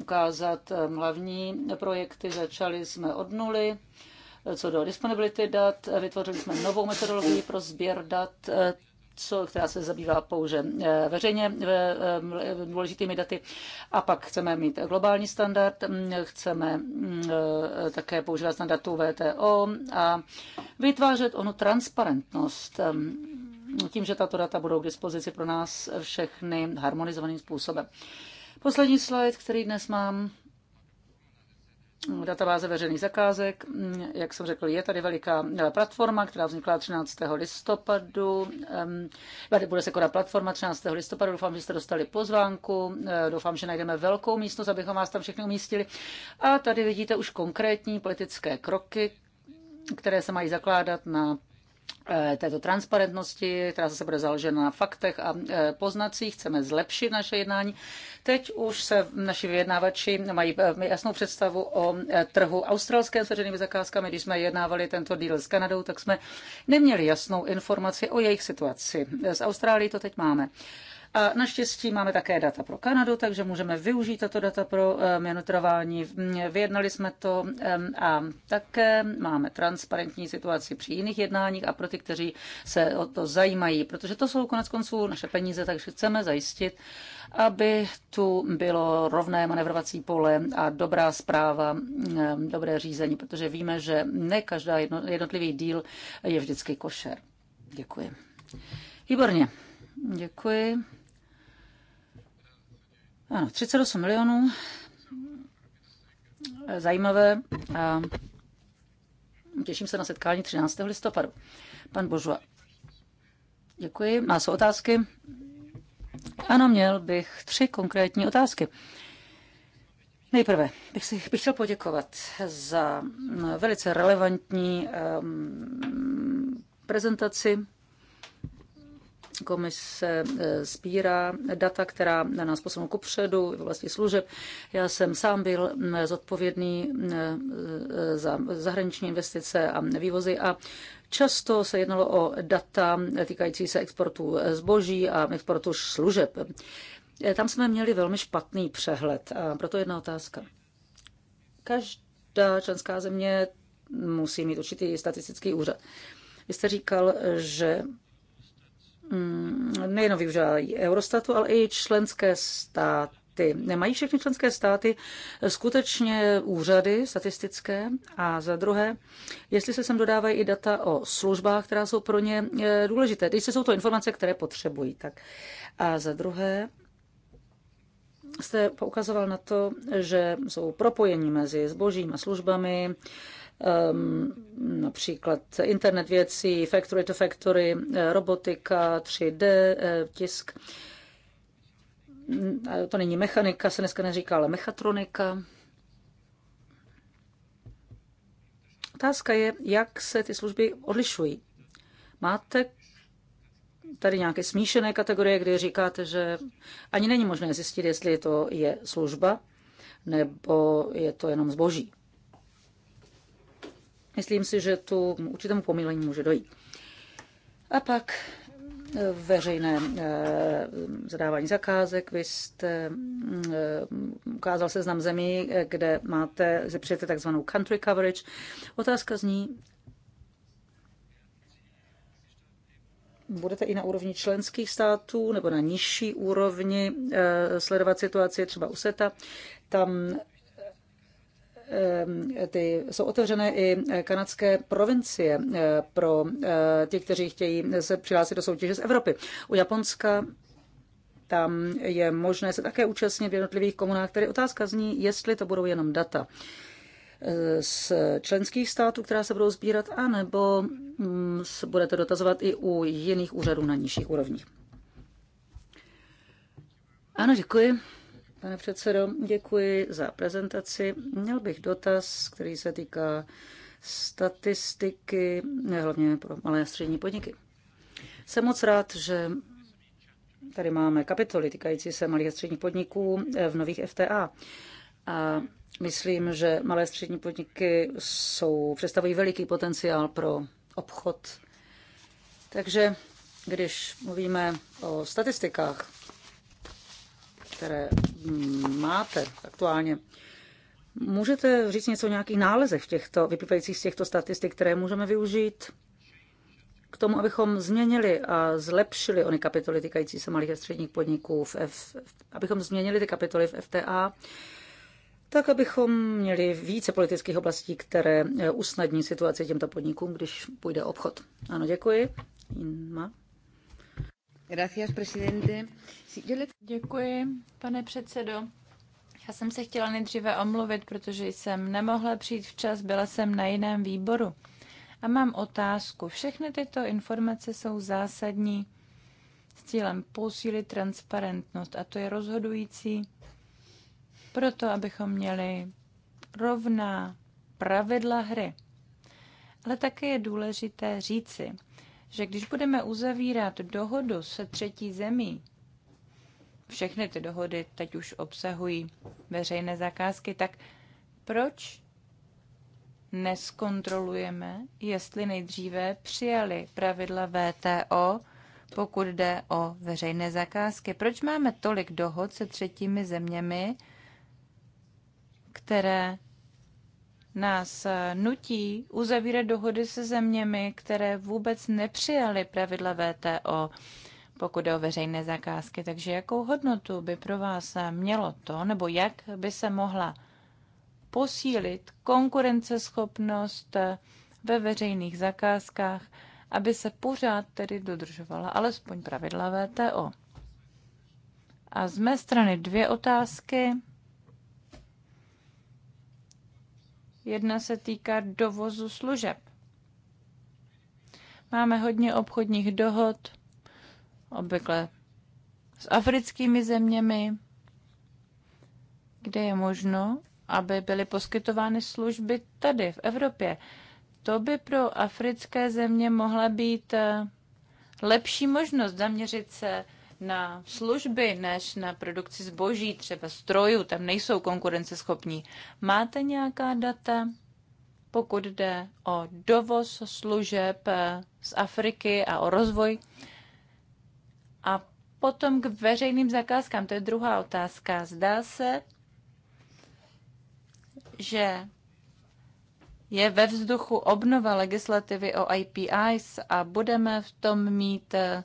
ukázat hlavní projekty. Začali jsme od nuly co do disponibility dat. Vytvořili jsme novou metodologii pro sběr dat co, která se zabývá pouze eh, veřejně eh, eh, důležitými daty. A pak chceme mít globální standard, mm, chceme mm, také používat standardu VTO a vytvářet onu transparentnost mm, tím, že tato data budou k dispozici pro nás všechny harmonizovaným způsobem. Poslední slide, který dnes mám, databáze veřejných zakázek. Jak jsem řekl, je tady veliká eh, platforma, která vznikla 13. listopadu. Bude se konat platforma 13. listopadu. Doufám, že jste dostali pozvánku. Eh, doufám, že najdeme velkou místnost, abychom vás tam všechny umístili. A tady vidíte už konkrétní politické kroky, které se mají zakládat na Eh, této transparentnosti, která se bude založena na faktech a eh, poznacích. Chceme zlepšit naše jednání. Teď už se naši vyjednávači mají eh, jasnou představu o trhu australské s veřejnými zakázkami. Když jsme jednávali tento deal s Kanadou, tak jsme neměli jasnou informaci o jejich situaci. Z Austrálie to teď máme. A naštěstí máme také data pro Kanadu, takže můžeme využít tato data pro eh, monitorování. Mm, vyjednali jsme to a také máme transparentní situaci při jiných jednáních a pro ty, kteří se o to zajímají, protože to jsou konec konců naše peníze, takže chceme zajistit, aby tu bylo rovné manevrovací pole a dobrá zpráva, dobré řízení, protože víme, že ne každá jednotlivý díl je vždycky košer. Děkuji. Výborně. Děkuji. Ano, 38 milionů. Zajímavé. A těším se na setkání 13. listopadu. Pan Božua. Děkuji. Má jsou otázky? Ano, měl bych tři konkrétní otázky. Nejprve bych, si, bych chtěl poděkovat za velice relevantní um, prezentaci komise eh, sbírá data, která na nás posunou ku předu v oblasti služeb. Já jsem sám byl mm, zodpovědný mm, eh, za zahraniční investice a vývozy a Často se jednalo o data týkající se exportu eh, zboží a exportu služeb. Tam jsme měli velmi špatný přehled, a proto jedna otázka. Každá členská země musí mít určitý statistický úřad. Vy jste říkal, že Mm, nejenom využívají Eurostatu, ale i členské státy ty nemají všechny členské státy skutečně úřady statistické a za druhé, jestli se sem dodávají i data o službách, která jsou pro ně e, důležité, jestli jsou to informace, které potřebují. Tak. A za druhé, jste poukazoval na to, že jsou propojení mezi zbožím a službami, Ehm, například internet věcí, factory to factory, eh, robotika, 3D, eh, tisk. Mm, to není mechanika, se dneska neříká, ale mechatronika. Otázka je, jak se ty služby odlišují. Máte tady nějaké smíšené kategorie, kdy říkáte, že ani není možné zjistit, jestli to je služba, nebo je to jenom zboží. Myslím si, že tu určitému pomílení může dojít. A pak eh, veřejné eh, zadávání zakázek. Vy jste eh, ukázal seznam zemí, kde máte, zepřejete takzvanou country coverage. Otázka zní, budete i na úrovni členských států nebo na nižší úrovni sledovat situaci třeba u SETA. Tam Eh, ty, jsou otevřené i kanadské provincie eh, pro eh, ty, kteří chtějí se přihlásit do soutěže z Evropy. U Japonska tam je možné se také účastnit v jednotlivých komunách. které otázka zní, jestli to budou jenom data z členských států, která se budou sbírat, anebo mm, se budete dotazovat i u jiných úřadů na nižších úrovních. Ano, děkuji pane předsedo. Děkuji za prezentaci. Měl bych dotaz, který se týká statistiky, hlavně pro malé a střední podniky. Jsem moc rád, že tady máme kapitoly týkající se malých a středních podniků v nových FTA. A myslím, že malé a střední podniky jsou, představují veliký potenciál pro obchod. Takže když mluvíme o statistikách, které mm, máte aktuálně, můžete říct něco o nějakých nálezech těchto, vyplývajících z těchto statistik, které můžeme využít k tomu, abychom změnili a zlepšili ony kapitoly týkající se malých a středních podniků, v F, abychom změnili ty kapitoly v FTA, tak abychom měli více politických oblastí, které eh, usnadní situaci těmto podnikům, když půjde obchod. Ano, děkuji. Inma. Děkuji, pane předsedo. Já jsem se chtěla nejdříve omluvit, protože jsem nemohla přijít včas, byla jsem na jiném výboru. A mám otázku. Všechny tyto informace jsou zásadní s cílem posílit transparentnost a to je rozhodující pro to, abychom měli rovná pravidla hry. Ale také je důležité říci, že když budeme uzavírat dohodu se třetí zemí, všechny ty dohody teď už obsahují veřejné zakázky, tak proč neskontrolujeme, jestli nejdříve přijali pravidla VTO, pokud jde o veřejné zakázky. Proč máme tolik dohod se třetími zeměmi, které nás eh, nutí uzavírat dohody se zeměmi, které vůbec nepřijaly pravidla VTO, pokud je o veřejné zakázky. Takže jakou hodnotu by pro vás mělo to, nebo jak by se mohla posílit konkurenceschopnost eh, ve veřejných zakázkách, aby se pořád tedy dodržovala alespoň pravidla VTO? A z mé strany dvě otázky. Jedna se týká dovozu služeb. Máme hodně obchodních dohod, obvykle s africkými zeměmi, kde je možno, aby byly poskytovány služby tady v Evropě. To by pro africké země mohla být eh, lepší možnost zaměřit se na služby než na produkci zboží, třeba strojů, tam nejsou konkurenceschopní. Máte nějaká data, pokud jde o dovoz služeb eh, z Afriky a o rozvoj? A potom k veřejným zakázkám, to je druhá otázka. Zdá se, že je ve vzduchu obnova legislativy o IPIs a budeme v tom mít eh,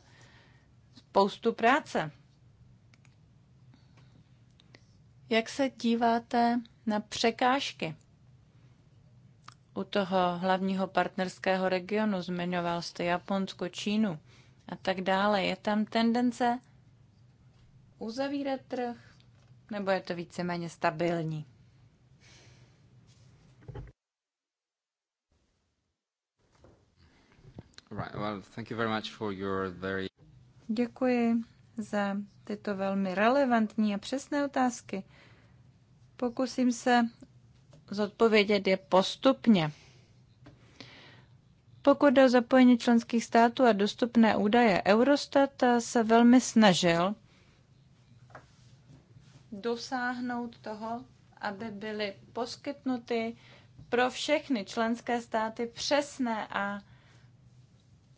spoustu práce. Jak se díváte na překážky u toho hlavního partnerského regionu? Zmiňoval jste Japonsko, Čínu a tak dále. Je tam tendence uzavírat trh, nebo je to víceméně stabilní? Right, well, thank you very much for your very... Děkuji za tyto velmi relevantní a přesné otázky. Pokusím se zodpovědět je postupně. Pokud jde o zapojení členských států a dostupné údaje, Eurostat se velmi snažil dosáhnout toho, aby byly poskytnuty pro všechny členské státy přesné a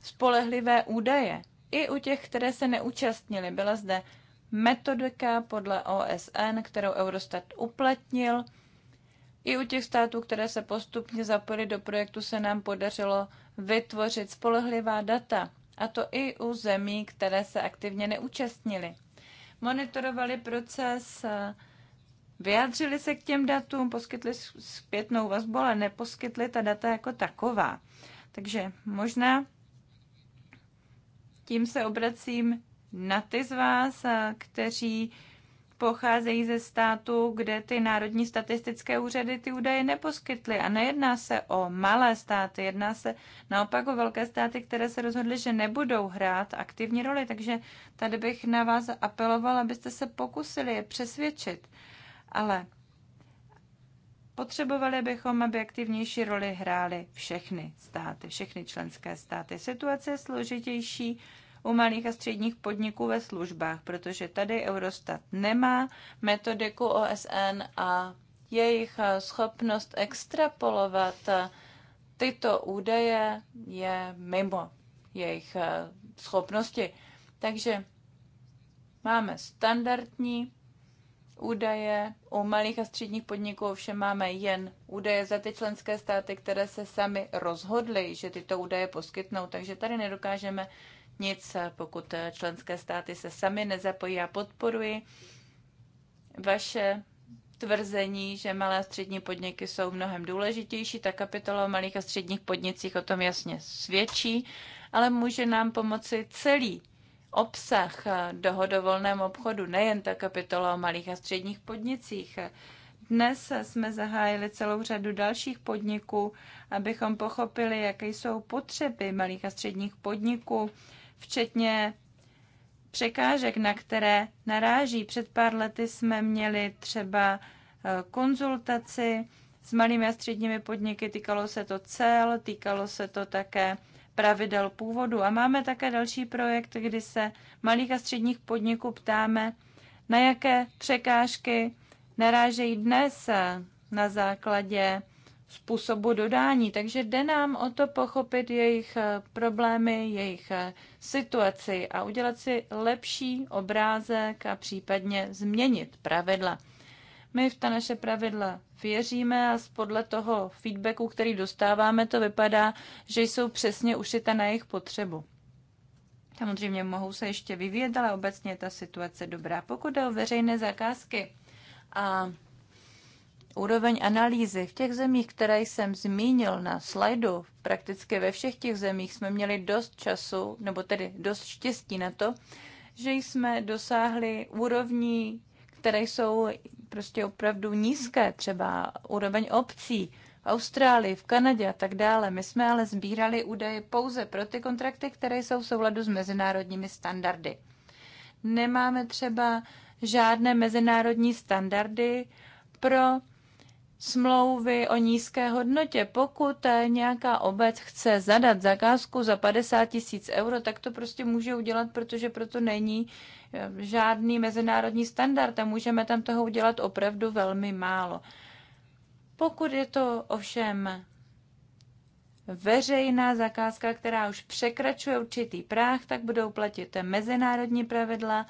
spolehlivé údaje i u těch, které se neúčastnili, Byla zde metodika podle OSN, kterou Eurostat uplatnil. I u těch států, které se postupně zapojily do projektu, se nám podařilo vytvořit spolehlivá data, a to i u zemí, které se aktivně neúčastnily. Monitorovali proces, vyjádřili se k těm datům, poskytli zpětnou vazbu, ale neposkytli ta data jako taková. Takže možná tím se obracím na ty z vás, eh, kteří pocházejí ze státu, kde ty národní statistické úřady ty údaje neposkytly. A nejedná se o malé státy, jedná se naopak o velké státy, které se rozhodly, že nebudou hrát aktivní roli. Takže tady bych na vás apeloval, abyste se pokusili je přesvědčit. Ale potřebovali bychom, aby aktivnější roli hrály všechny státy, všechny členské státy. Situace je složitější u malých a středních podniků ve službách, protože tady Eurostat nemá metodiku OSN a jejich eh, schopnost extrapolovat eh, tyto údaje je mimo jejich eh, schopnosti. Takže máme standardní údaje u malých a středních podniků, ovšem máme jen údaje za ty členské státy, které se sami rozhodly, že tyto údaje poskytnou, takže tady nedokážeme nic, pokud členské státy se sami nezapojí. Já podporuji vaše tvrzení, že malé a střední podniky jsou mnohem důležitější. Ta kapitola o malých a středních podnicích o tom jasně svědčí, ale může nám pomoci celý obsah dohod o volném obchodu, nejen ta kapitola o malých a středních podnicích. Dnes jsme zahájili celou řadu dalších podniků, abychom pochopili, jaké jsou potřeby malých a středních podniků včetně překážek, na které naráží. Před pár lety jsme měli třeba eh, konzultaci s malými a středními podniky, týkalo se to cel, týkalo se to také pravidel původu. A máme také další projekt, kdy se malých a středních podniků ptáme, na jaké překážky narážejí dnes eh, na základě způsobu dodání. Takže jde nám o to pochopit jejich eh, problémy, jejich eh, situaci a udělat si lepší obrázek a případně změnit pravidla. My v ta naše pravidla věříme a podle toho feedbacku, který dostáváme, to vypadá, že jsou přesně ušita na jejich potřebu. Samozřejmě mohou se ještě vyvíjet, ale obecně je ta situace dobrá. Pokud jde o veřejné zakázky a úroveň analýzy. V těch zemích, které jsem zmínil na slajdu, prakticky ve všech těch zemích jsme měli dost času, nebo tedy dost štěstí na to, že jsme dosáhli úrovní, které jsou prostě opravdu nízké, třeba úroveň obcí v Austrálii, v Kanadě a tak dále. My jsme ale sbírali údaje pouze pro ty kontrakty, které jsou v souladu s mezinárodními standardy. Nemáme třeba žádné mezinárodní standardy pro smlouvy o nízké hodnotě. Pokud eh, nějaká obec chce zadat zakázku za 50 tisíc euro, tak to prostě může udělat, protože proto není eh, žádný mezinárodní standard a můžeme tam toho udělat opravdu velmi málo. Pokud je to ovšem veřejná zakázka, která už překračuje určitý práh, tak budou platit mezinárodní pravidla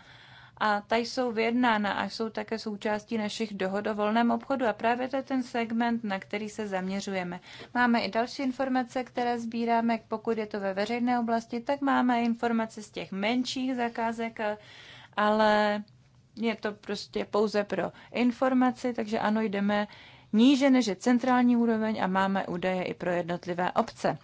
a ta jsou vyjednána a jsou také součástí našich dohod o volném obchodu a právě to je ten segment, na který se zaměřujeme. Máme i další informace, které sbíráme, pokud je to ve veřejné oblasti, tak máme informace z těch menších zakázek, ale je to prostě pouze pro informaci, takže ano, jdeme níže než je centrální úroveň a máme údaje i pro jednotlivé obce.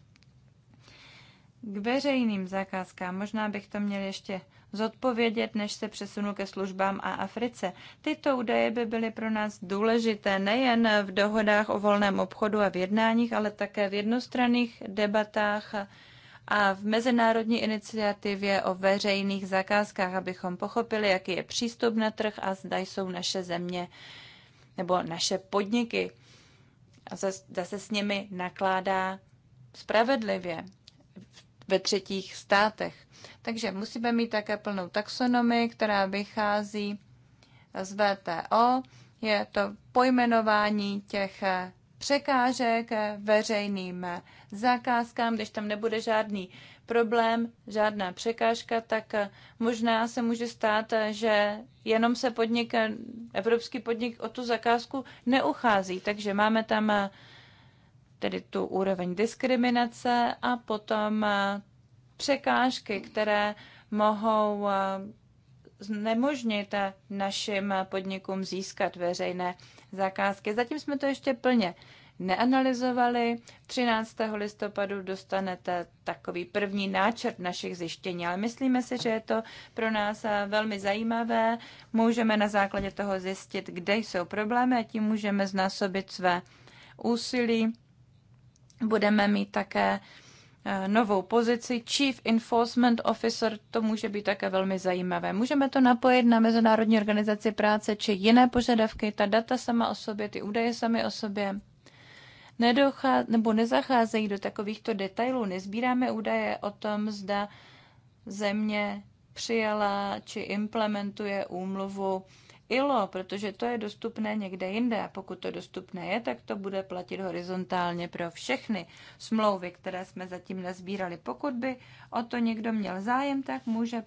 K veřejným zakázkám, možná bych to měl ještě zodpovědět, než se přesunu ke službám a Africe. Tyto údaje by byly pro nás důležité nejen v dohodách o volném obchodu a v jednáních, ale také v jednostranných debatách a v mezinárodní iniciativě o veřejných zakázkách, abychom pochopili, jaký je přístup na trh a zda jsou naše země nebo naše podniky a zase, s nimi nakládá spravedlivě ve třetích státech. Takže musíme mít také plnou taxonomii, která vychází z VTO. Je to pojmenování těch překážek veřejným zakázkám. Když tam nebude žádný problém, žádná překážka, tak možná se může stát, že jenom se podnik, evropský podnik o tu zakázku neuchází. Takže máme tam tedy tu úroveň diskriminace a potom eh, překážky, které mohou eh, znemožnit eh, našim podnikům získat veřejné zakázky. Zatím jsme to ještě plně neanalyzovali. 13. listopadu dostanete takový první náčrt našich zjištění, ale myslíme si, že je to pro nás velmi zajímavé. Můžeme na základě toho zjistit, kde jsou problémy a tím můžeme znásobit své úsilí Budeme mít také eh, novou pozici Chief Enforcement Officer, to může být také velmi zajímavé. Můžeme to napojit na Mezinárodní organizaci práce či jiné požadavky, ta data sama o sobě, ty údaje sami o sobě. Nedochá, nebo nezacházejí do takovýchto detailů, nezbíráme údaje o tom, zda země přijala či implementuje úmluvu ILO, protože to je dostupné někde jinde a pokud to dostupné je, tak to bude platit horizontálně pro všechny smlouvy, které jsme zatím nezbírali. Pokud by o to někdo měl zájem, tak může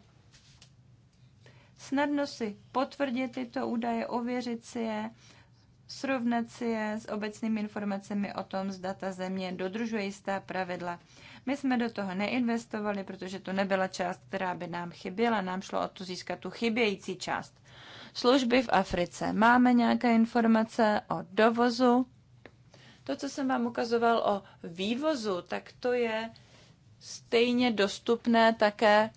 snadno si potvrdit tyto údaje, ověřit si je, srovnat si je s obecnými informacemi o tom, zda ta země dodržuje jistá pravidla. My jsme do toho neinvestovali, protože to nebyla část, která by nám chyběla. Nám šlo o to získat tu chybějící část služby v Africe. Máme nějaké informace o dovozu? To, co jsem vám ukazoval o vývozu, tak to je stejně dostupné také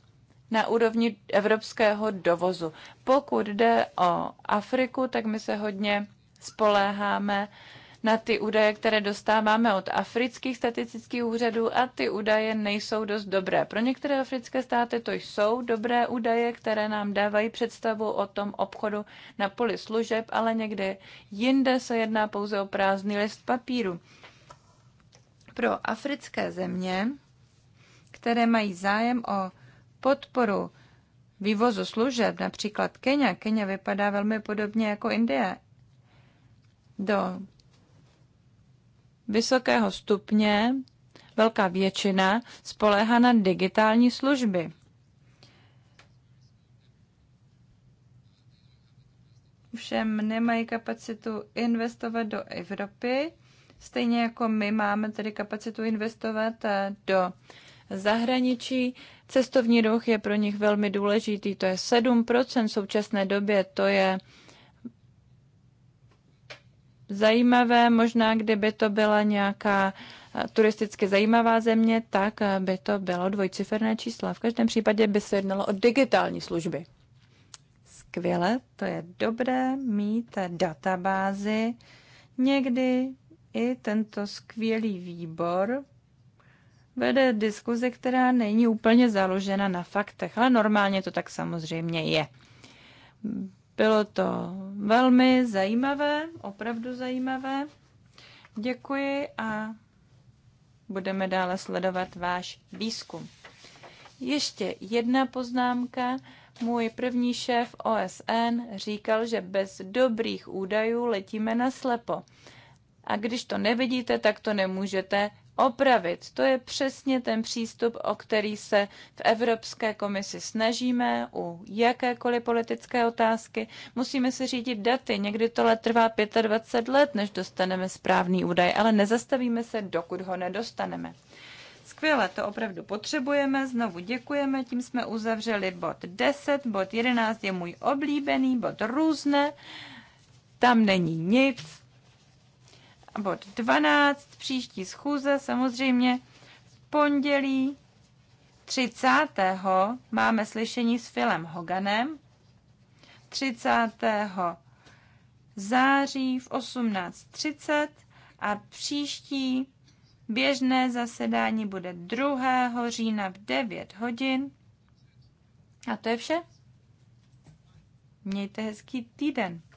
na úrovni evropského dovozu. Pokud jde o Afriku, tak my se hodně spoléháme na ty údaje, které dostáváme od afrických statistických úřadů a ty údaje nejsou dost dobré. Pro některé africké státy to jsou dobré údaje, které nám dávají představu o tom obchodu na poli služeb, ale někde jinde se jedná pouze o prázdný list papíru. Pro africké země, které mají zájem o podporu vývozu služeb, například Kenya. Kenya vypadá velmi podobně jako Indie. Do vysokého stupně velká většina spoléhá na digitální služby. Všem nemají kapacitu investovat do Evropy, stejně jako my máme tedy kapacitu investovat eh, do zahraničí. Cestovní ruch je pro nich velmi důležitý, to je 7% v současné době, to je zajímavé. Možná, kdyby to byla nějaká eh, turisticky zajímavá země, tak eh, by to bylo dvojciferné čísla. V každém případě by se jednalo o digitální služby. Skvěle, to je dobré mít databázy. Někdy i tento skvělý výbor vede diskuze, která není úplně založena na faktech, ale normálně to tak samozřejmě je. Bylo to velmi zajímavé, opravdu zajímavé. Děkuji a budeme dále sledovat váš výzkum. Ještě jedna poznámka. Můj první šéf OSN říkal, že bez dobrých údajů letíme na slepo. A když to nevidíte, tak to nemůžete opravit. To je přesně ten přístup, o který se v Evropské komisi snažíme u jakékoliv politické otázky. Musíme se řídit daty. Někdy to let trvá 25 let, než dostaneme správný údaj, ale nezastavíme se, dokud ho nedostaneme. Skvěle, to opravdu potřebujeme. Znovu děkujeme, tím jsme uzavřeli bod 10. Bod 11 je můj oblíbený, bod různé. Tam není nic, bod 12, příští schůze samozřejmě v pondělí 30. máme slyšení s Filem Hoganem. 30. září v 18.30 a příští běžné zasedání bude 2. října v 9 hodin. A to je vše. Mějte hezký týden.